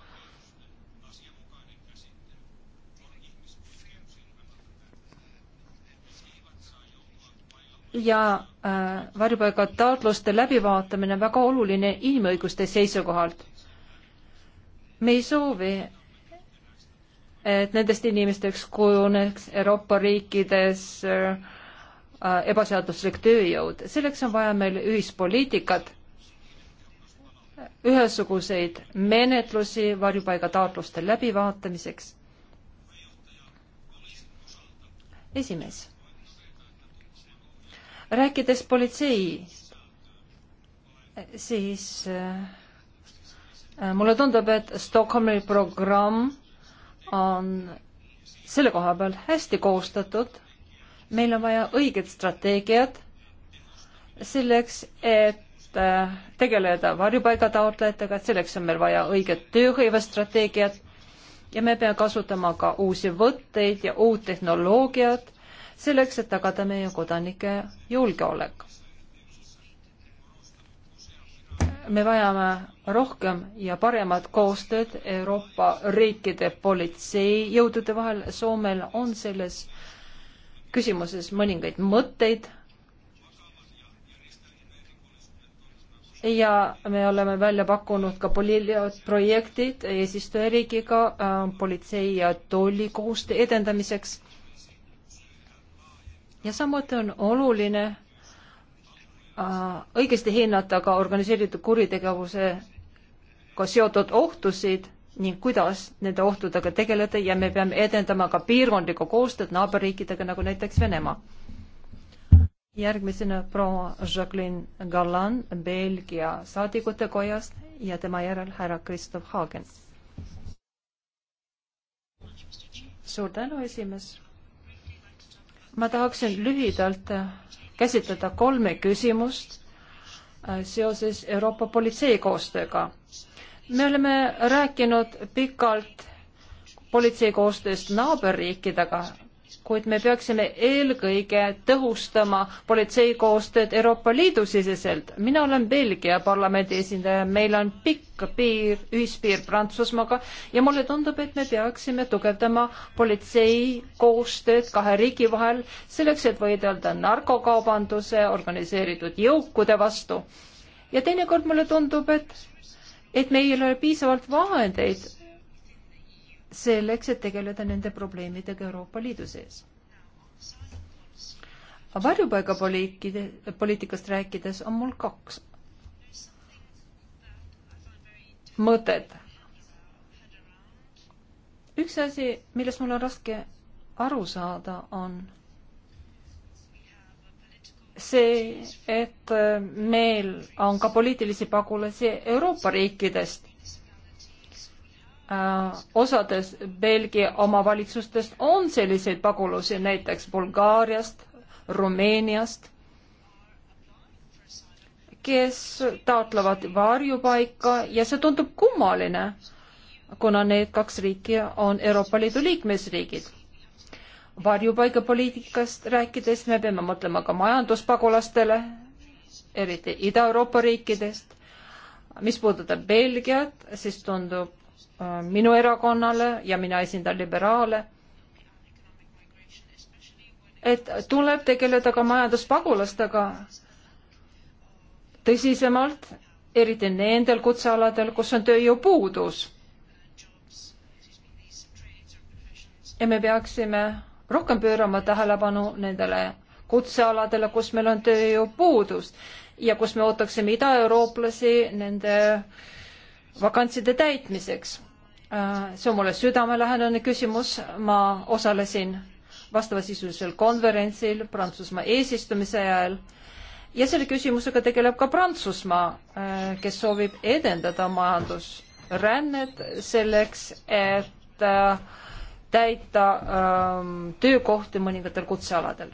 ja Äh, varjupaiga taotluste läbivaatamine on väga oluline inimõiguste seisukohalt. me ei soovi, et nendest inimesteks kujuneks Euroopa riikides äh, ebaseaduslik tööjõud. selleks on vaja meil ühispoliitikat, ühesuguseid menetlusi varjupaiga taotluste läbivaatamiseks. esimees rääkides politseist, siis äh, mulle tundub, et Stockholmi programm on selle koha peal hästi koostatud. meil on vaja õiget strateegiat selleks, et äh, tegeleda varjupaiga taotlejatega, et selleks on meil vaja õiget tööhõivestrateegiat ja me peame kasutama ka uusi võtteid ja uut tehnoloogiat selleks, et tagada meie kodanike julgeolek. me vajame rohkem ja paremat koostööd Euroopa riikide politseijõudude vahel. Soomel on selles küsimuses mõningaid mõtteid ja me oleme välja pakkunud ka projektid eesistujariigiga äh, politsei ja tollikoostöö edendamiseks ja samuti on oluline äh, õigesti hinnata ka organiseeritud kuritegevusega seotud ohtusid ning kuidas nende ohtudega tegeleda ja me peame edendama ka piirkondlikku koostööd naaberriikidega, nagu näiteks Venemaa. järgmisena proua Jacqueline Gallan Belgia saadikute kojast ja tema järel härra Kristof Haagen. suur tänu, esimees ma tahaksin lühidalt käsitleda kolme küsimust äh, seoses Euroopa politsei koostööga. me oleme rääkinud pikalt politsei koostööst naaberriikidega, kuid me peaksime eelkõige tõhustama politsei koostööd Euroopa Liidu siseselt. mina olen Belgia parlamendi esindaja, meil on pikk piir, ühispiir Prantsusmaaga ja mulle tundub, et me peaksime tugevdama politsei koostööd kahe riigi vahel selleks, et võidelda narkokaubanduse organiseeritud jõukude vastu. ja teinekord mulle tundub, et et meil ei ole piisavalt vahendeid selleks, et tegeleda nende probleemidega Euroopa Liidu sees. varjupaigapoliitikast rääkides on mul kaks mõtet. üks asi, millest mul on raske aru saada, on see, et meil on ka poliitilisi pagulasi Euroopa riikidest Äh, osades Belgia omavalitsustest on selliseid pagulasi, näiteks Bulgaariast, Rumeeniast, kes taotlevad varjupaika ja see tundub kummaline, kuna need kaks riiki on Euroopa Liidu liikmesriigid. varjupaigapoliitikast rääkides me peame mõtlema ka majanduspagulastele, eriti Ida-Euroopa riikidest. mis puudutab Belgiat, siis tundub Äh, minu erakonnale ja mina esindan liberaale, et tuleb tegeleda ka majanduspagulastega tõsisemalt, eriti nendel kutsealadel, kus on tööjõupuudus. ja me peaksime rohkem pöörama tähelepanu nendele kutsealadele, kus meil on tööjõupuudus ja kus me ootaksime idaeurooplasi nende äh, vakantside täitmiseks. Äh, see on mulle südamelähedane küsimus, ma osalesin vastavasisulisel konverentsil Prantsusmaa eesistumise ajal ja selle küsimusega tegeleb ka Prantsusmaa, äh, kes soovib edendada majandusrännet selleks, et äh, täita ähm, töökohti mõningatel kutsealadel.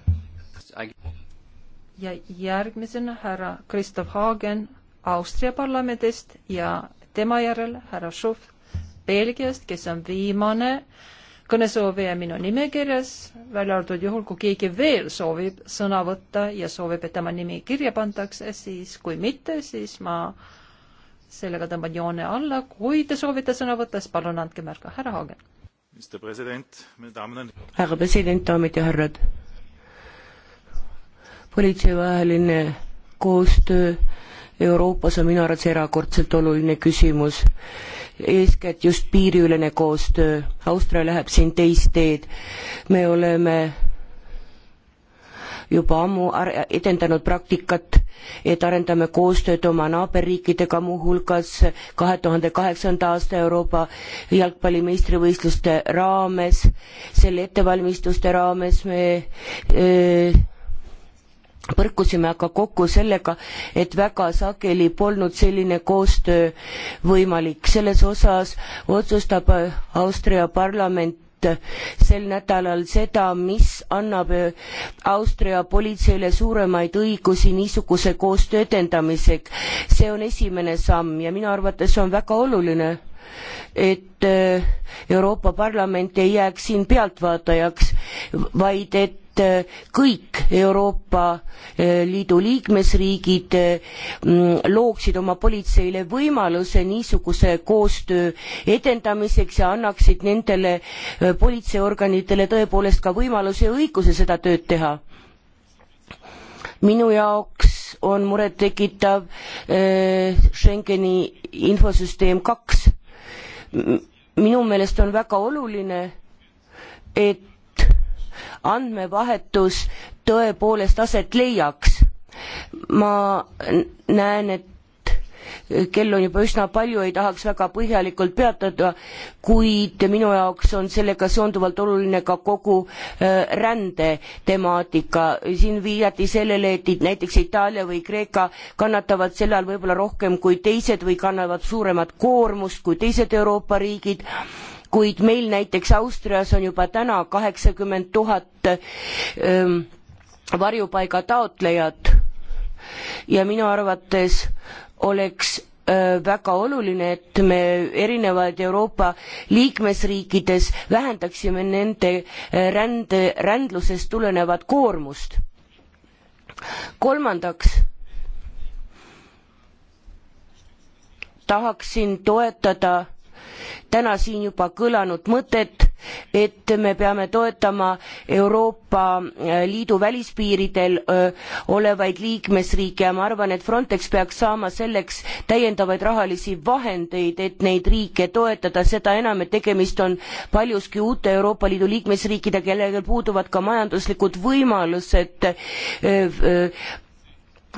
ja järgmisena härra Kristof Haagen Austria parlamendist ja tema järel härra Šuf Belgiast, kes on viimane kõnesoovija minu nimekirjas, välja arvatud juhul, kui keegi veel soovib sõna võtta ja soovib, et tema nimi kirja pandakse, siis kui mitte, siis ma sellega tõmban joone alla. kui te soovite sõna võtta, siis palun andke märku. härra Haagen. härra president, daamid ja härrad. politseivaheline koostöö Euroopas on minu arvates erakordselt oluline küsimus. eeskätt just piiriülene koostöö, Austria läheb siin teist teed. me oleme juba ammu edendanud praktikat, et arendame koostööd oma naaberriikidega, muuhulgas kahe tuhande kaheksanda aasta Euroopa jalgpalli meistrivõistluste raames, selle ettevalmistuste raames me öö, põrkusime aga kokku sellega, et väga sageli polnud selline koostöö võimalik. selles osas otsustab äh, Austria parlament äh, sel nädalal seda, mis annab äh, Austria politseile suuremaid õigusi niisuguse koostöö edendamiseks. see on esimene samm ja minu arvates on väga oluline et äh, Euroopa Parlament ei jääks siin pealtvaatajaks, vaid et äh, kõik Euroopa äh, Liidu liikmesriigid looksid oma politseile võimaluse niisuguse koostöö edendamiseks ja annaksid nendele politseiorganitele tõepoolest ka võimaluse ja õiguse seda tööd teha. minu jaoks on murettekitav Schengeni infosüsteem kaks minu meelest on väga oluline, et andmevahetus tõepoolest aset leiaks. ma näen, et kell on juba üsna palju, ei tahaks väga põhjalikult peatuda, kuid minu jaoks on sellega seonduvalt oluline ka kogu äh, rände temaatika. siin viidati sellele, et näiteks Itaalia või Kreeka kannatavad sel ajal võib-olla rohkem kui teised või kannavad suuremat koormust kui teised Euroopa riigid kuid meil näiteks Austrias on juba täna kaheksakümmend tuhat ähm, varjupaiga taotlejat ja minu arvates oleks väga oluline, et me erinevaid Euroopa liikmesriikides vähendaksime nende rände, rändlusest tulenevat koormust. kolmandaks tahaksin toetada täna siin juba kõlanud mõtet, et me peame toetama Euroopa äh, Liidu välispiiridel äh, olevaid liikmesriike ja ma arvan, et Frontex peaks saama selleks täiendavaid rahalisi vahendeid, et neid riike toetada, seda enam, et tegemist on paljuski uute Euroopa Liidu liikmesriikidega, kellel puuduvad ka majanduslikud võimalused äh,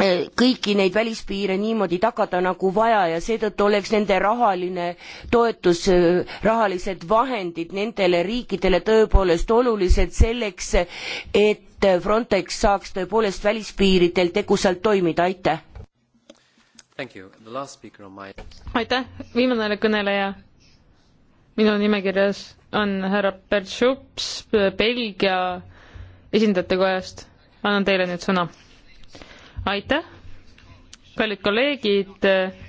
Eh, kõiki neid välispiire niimoodi tagada nagu vaja ja seetõttu oleks nende rahaline toetus, eh, rahalised vahendid nendele riikidele tõepoolest olulised selleks, et Frontex saaks tõepoolest välispiiridel tegusalt toimida, aitäh! My... aitäh, viimane kõneleja minu nimekirjas on härra Bertšups Belgia esindajate kojast, annan teile nüüd sõna aitäh, kallid kolleegid,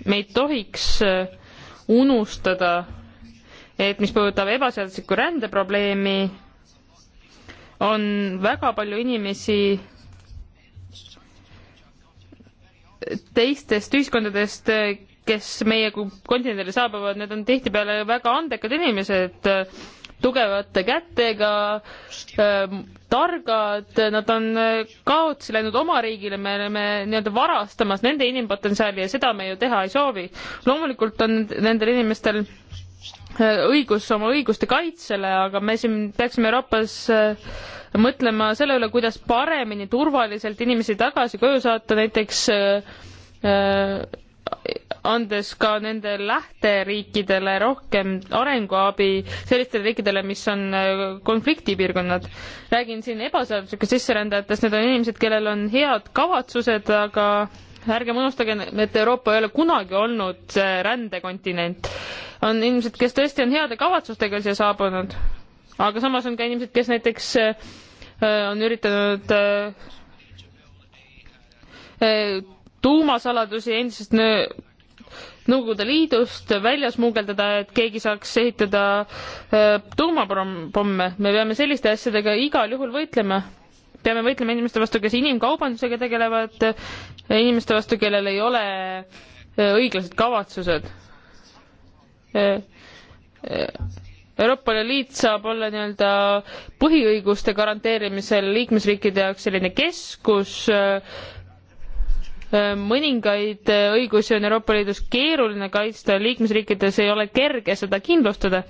me ei tohiks äh, unustada, et mis puudutab ebaseaduslikku rändeprobleemi, on väga palju inimesi teistest ühiskondadest, kes meie kontinendile saabuvad, need on tihtipeale väga andekad inimesed, tugevate kätega äh,, targad, nad on äh, kaotsi läinud oma riigile, me oleme nii-öelda varastamas nende inimpotentsiaali ja seda me ju teha ei soovi. loomulikult on nendel inimestel äh, õigus oma õiguste kaitsele, aga me siin peaksime Euroopas äh, mõtlema selle üle, kuidas paremini, turvaliselt inimesi tagasi koju saata, näiteks äh, äh andes ka nende lähteriikidele rohkem arenguabi, sellistele riikidele, mis on äh, konfliktipiirkonnad. räägin siin ebaseaduslikest sisserändajatest, need on inimesed, kellel on head kavatsused, aga ärgem unustage, et Euroopa ei ole kunagi olnud rändekontinent. on inimesed, kes tõesti on heade kavatsustega siia saabunud, aga samas on ka inimesed, kes näiteks äh, on üritanud äh, tuumasaladusi endisest Nõukogude Liidust välja smugeldada, et keegi saaks ehitada äh, tuumapomme. me peame selliste asjadega igal juhul võitlema. peame võitlema inimeste vastu, kes inimkaubandusega tegelevad, inimeste vastu, kellel ei ole äh, õiglased kavatsused. Äh, Euroopa Liit saab olla nii-öelda põhiõiguste garanteerimisel liikmesriikide jaoks selline keskus, mõningaid õigusi on Euroopa Liidus keeruline kaitsta, liikmesriikides ei ole kerge seda kindlustada.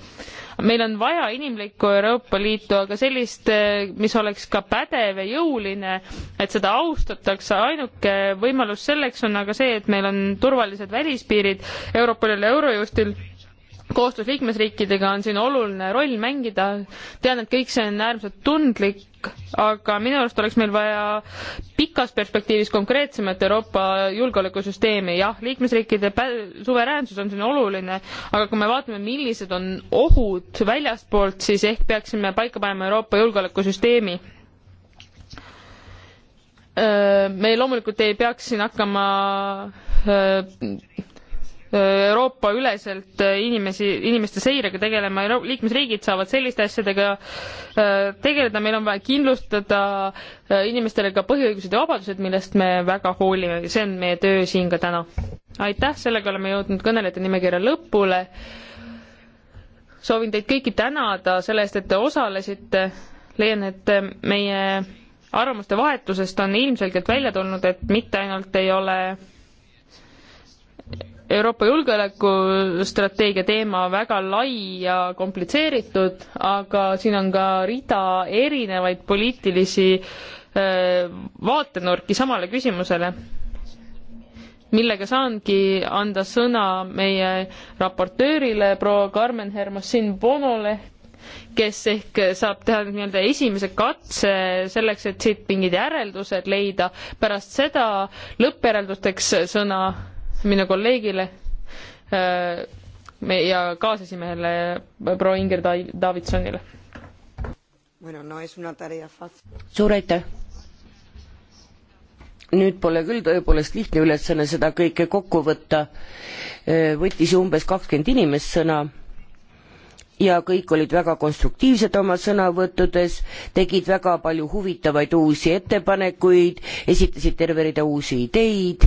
meil on vaja inimlikku Euroopa Liitu, aga sellist, mis oleks ka pädev ja jõuline, et seda austatakse, ainuke võimalus selleks on aga see, et meil on turvalised välispiirid Europolil ja Eurojustil koostöös liikmesriikidega on siin oluline roll mängida. tean, et kõik see on äärmiselt tundlik kõik, aga minu arust oleks meil vaja pikas perspektiivis konkreetsemat Euroopa julgeolekusüsteemi, jah, liikmesriikide suveräänsus on siin oluline, aga kui me vaatame, millised on ohud väljastpoolt, siis ehk peaksime paika panema Euroopa julgeolekusüsteemi me loomulikult ei peaks siin hakkama Euroopa-üleselt inimesi, inimeste seirega tegelema, liikmesriigid saavad selliste asjadega äh, tegeleda, meil on vaja kindlustada äh, inimestele ka põhiõigused ja vabadused, millest me väga hoolime, see on meie töö siin ka täna. aitäh, sellega oleme jõudnud kõnelejate nimekirja lõpule. soovin teid kõiki tänada selle eest, et te osalesite, leian, et meie arvamuste vahetusest on ilmselgelt välja tulnud, et mitte ainult ei ole Euroopa julgeolekustrateegia teema väga lai ja komplitseeritud, aga siin on ka rida erinevaid poliitilisi äh, vaatenurki samale küsimusele, millega saangi anda sõna meie raportöörile, proua Carmen Hermosin Bonole, kes ehk saab teha nii-öelda esimese katse selleks, et siit mingid järeldused leida, pärast seda lõppjäreldusteks sõna minu kolleegile ja kaasesimehele proua Inger Davidsonile. suur aitäh! nüüd pole küll tõepoolest lihtne ülesanne seda kõike kokku võtta. võttis ju umbes kakskümmend inimest sõna ja kõik olid väga konstruktiivsed oma sõnavõttudes, tegid väga palju huvitavaid uusi ettepanekuid, esitasid terve rida uusi ideid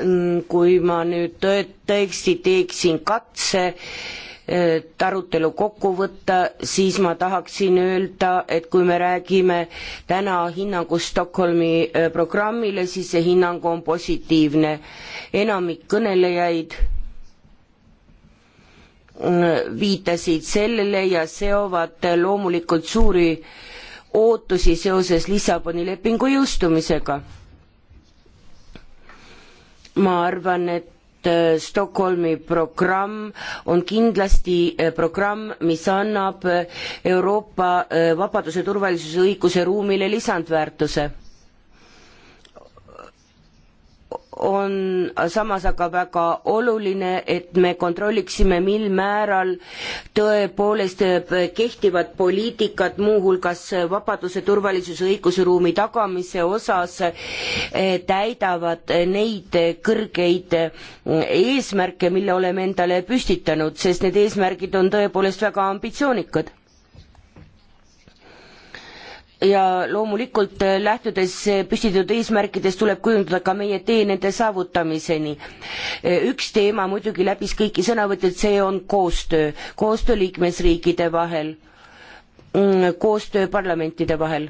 Mm, kui ma nüüd tõesti teeksin katse äh, et arutelu kokku võtta, siis ma tahaksin öelda, et kui me räägime täna hinnangust Stockholmi äh, programmile, siis see hinnang on positiivne. enamik kõnelejaid äh, viitasid sellele ja seovad loomulikult suuri ootusi seoses Lissaboni lepingu jõustumisega ma arvan, et äh, Stockholmi programm on kindlasti äh, programm, mis annab äh, Euroopa vabaduse, turvalisuse, õiguse ruumile lisandväärtuse. on samas aga väga oluline, et me kontrolliksime, mil määral tõepoolest kehtivad poliitikad, muuhulgas vabaduse, turvalisuse, õigusruumi tagamise osas, eh, täidavad neid kõrgeid eh, eesmärke, mille oleme endale püstitanud, sest need eesmärgid on tõepoolest väga ambitsioonikad ja loomulikult lähtudes püstitatud eesmärkidest tuleb kujundada ka meie tee nende saavutamiseni. üks teema muidugi läbis kõiki sõnavõtjaid, see on koostöö, koostöö liikmesriikide vahel, mm, koostöö parlamentide vahel,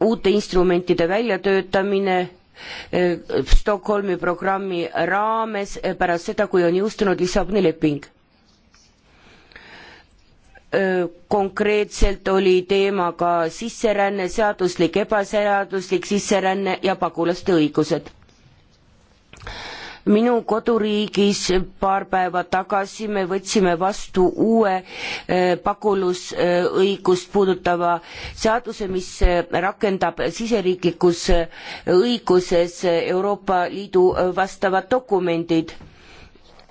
uute instrumentide väljatöötamine, e, Stockholmi programmi raames pärast seda, kui on jõustunud Lissaboni leping konkreetselt oli teema ka sisseränne, seaduslik, ebaseaduslik sisseränne ja pagulaste õigused. minu koduriigis paar päeva tagasi me võtsime vastu uue pagulusõigust puudutava seaduse, mis rakendab siseriiklikus õiguses Euroopa Liidu vastavad dokumendid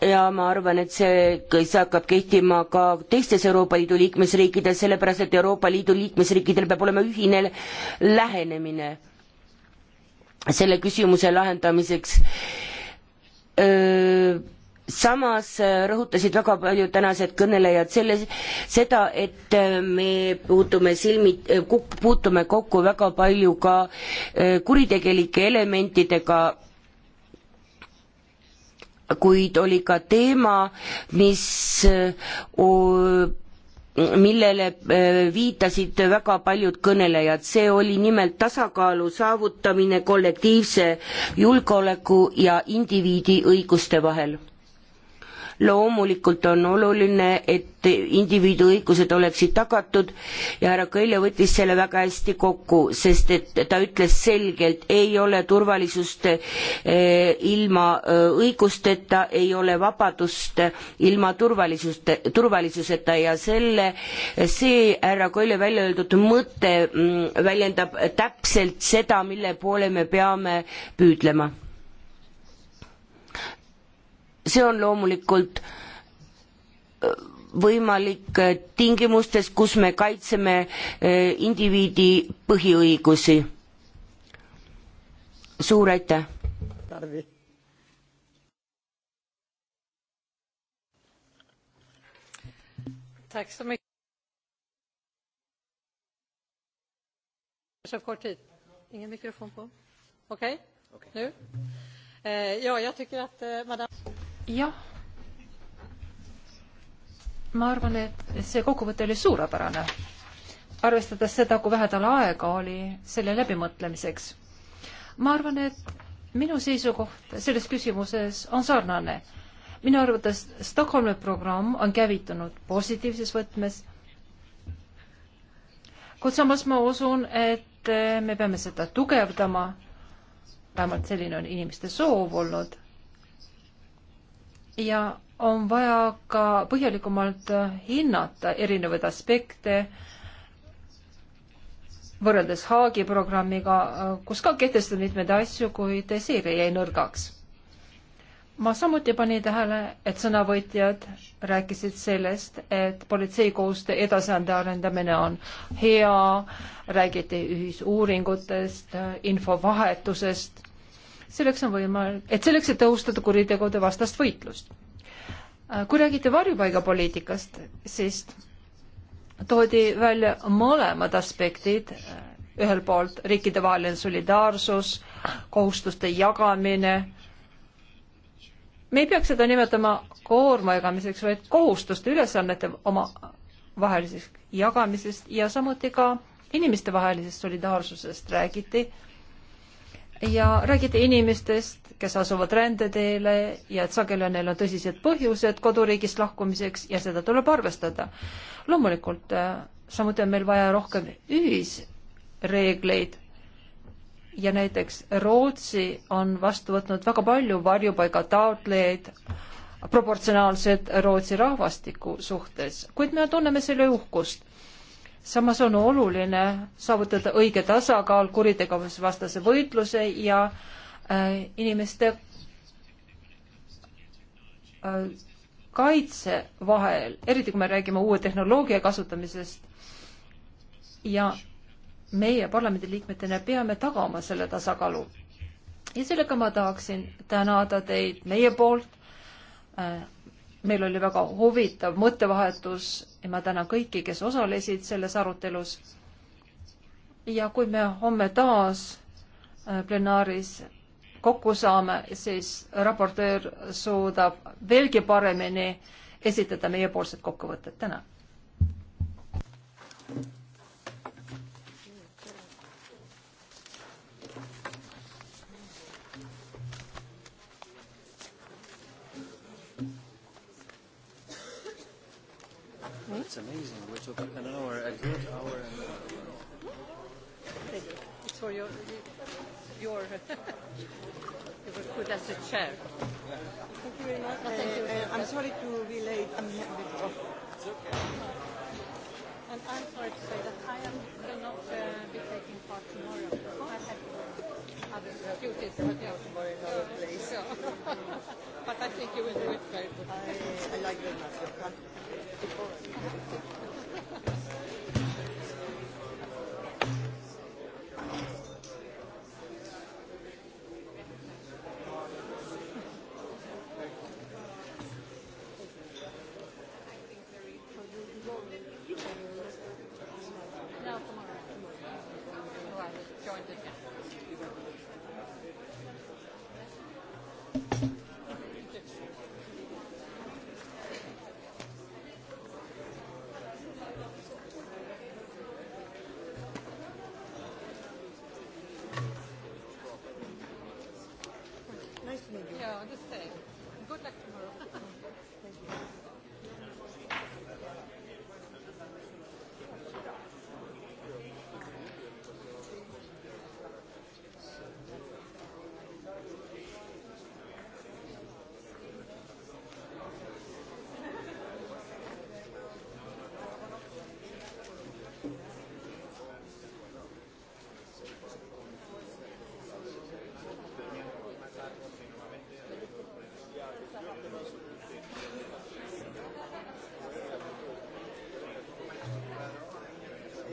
ja ma arvan, et see, see hakkab kehtima ka teistes Euroopa Liidu liikmesriikides, sellepärast et Euroopa Liidu liikmesriikidel peab olema ühine lähenemine selle küsimuse lahendamiseks. samas rõhutasid väga paljud tänased kõnelejad selle, seda, et me puutume silmi, puutume kokku väga palju ka kuritegelike elementidega kuid oli ka teema, mis millele e, viitasid väga paljud kõnelejad, see oli nimelt tasakaalu saavutamine kollektiivse julgeoleku ja indiviidi õiguste vahel loomulikult on oluline, et indiviidu õigused oleksid tagatud ja härra Kõlja võttis selle väga hästi kokku, sest et ta ütles selgelt, ei ole turvalisust eh, ilma eh, õigusteta, ei ole vabadust ilma turvalisust, turvalisuseta ja selle, see härra Kõlja välja öeldud mõte mm, väljendab täpselt seda, mille poole me peame püüdlema see on loomulikult äh, võimalik äh, tingimustes, kus me kaitseme äh, indiviidi põhiõigusi. suur aitäh! Tack så mycket. Så kort tid. Ingen mikrofon på. Okej, okay. okay. nu. Eh, ja, jag tycker att eh, madame jah, ma arvan, et see kokkuvõte oli suurepärane, arvestades seda, kui vähe tal aega oli selle läbimõtlemiseks. ma arvan, et minu seisukoht selles küsimuses on sarnane. minu arvates Stockholmi programm on käivitunud positiivses võtmes, kuid samas ma usun, et me peame seda tugevdama, vähemalt selline on inimeste soov olnud ja on vaja ka põhjalikumalt hinnata erinevaid aspekte võrreldes Haagi programmiga, kus ka kehtestati mitmeid asju, kuid seire jäi nõrgaks. ma samuti panin tähele, et sõnavõtjad rääkisid sellest, et politseikoostöö edasiande arendamine on hea, räägiti ühisuuringutest, infovahetusest selleks on võimalik, et selleks, et tõhustada kuritegude vastast võitlust. Äh, kui räägite varjupaigapoliitikast, siis toodi välja mõlemad aspektid, äh, ühelt poolt riikidevaheline solidaarsus, kohustuste jagamine, me ei peaks seda nimetama koorma jagamiseks, vaid kohustuste, ülesannete oma vahelisest jagamisest ja samuti ka inimestevahelisest solidaarsusest räägiti äh, ja räägiti inimestest, kes asuvad rändeteele ja et sageli on neil on tõsised põhjused koduriigist lahkumiseks ja seda tuleb arvestada. loomulikult äh, samuti on meil vaja rohkem ühisreegleid ja näiteks Rootsi on vastu võtnud väga palju varjupaiga taotlejaid proportsionaalselt Rootsi rahvastiku suhtes, kuid me tunneme selle uhkust samas on oluline saavutada õige tasakaal kuritegevusvastase võitluse ja äh, inimeste äh, kaitse vahel, eriti kui me räägime uue tehnoloogia kasutamisest. ja meie parlamendiliikmetena peame tagama selle tasakaalu. ja sellega ma tahaksin tänada teid meie poolt äh, meil oli väga huvitav mõttevahetus ja ma tänan kõiki, kes osalesid selles arutelus. ja kui me homme taas äh, plenaaris kokku saame, siis raportöör suudab veelgi paremini esitada meiepoolsed kokkuvõtted. tänan! That's amazing. We took an hour, a good hour. And... Thank you. It's for your, your, you were put as a chair. Thank you very much. Uh, thank you. Uh, I'm sorry to be late. I'm here a bit off. It's okay. And I'm sorry to say that I am will not uh, be taking part tomorrow. I have to work. Others you did something else more in another place. So. but I think you will do it very good. I, I like very much your country.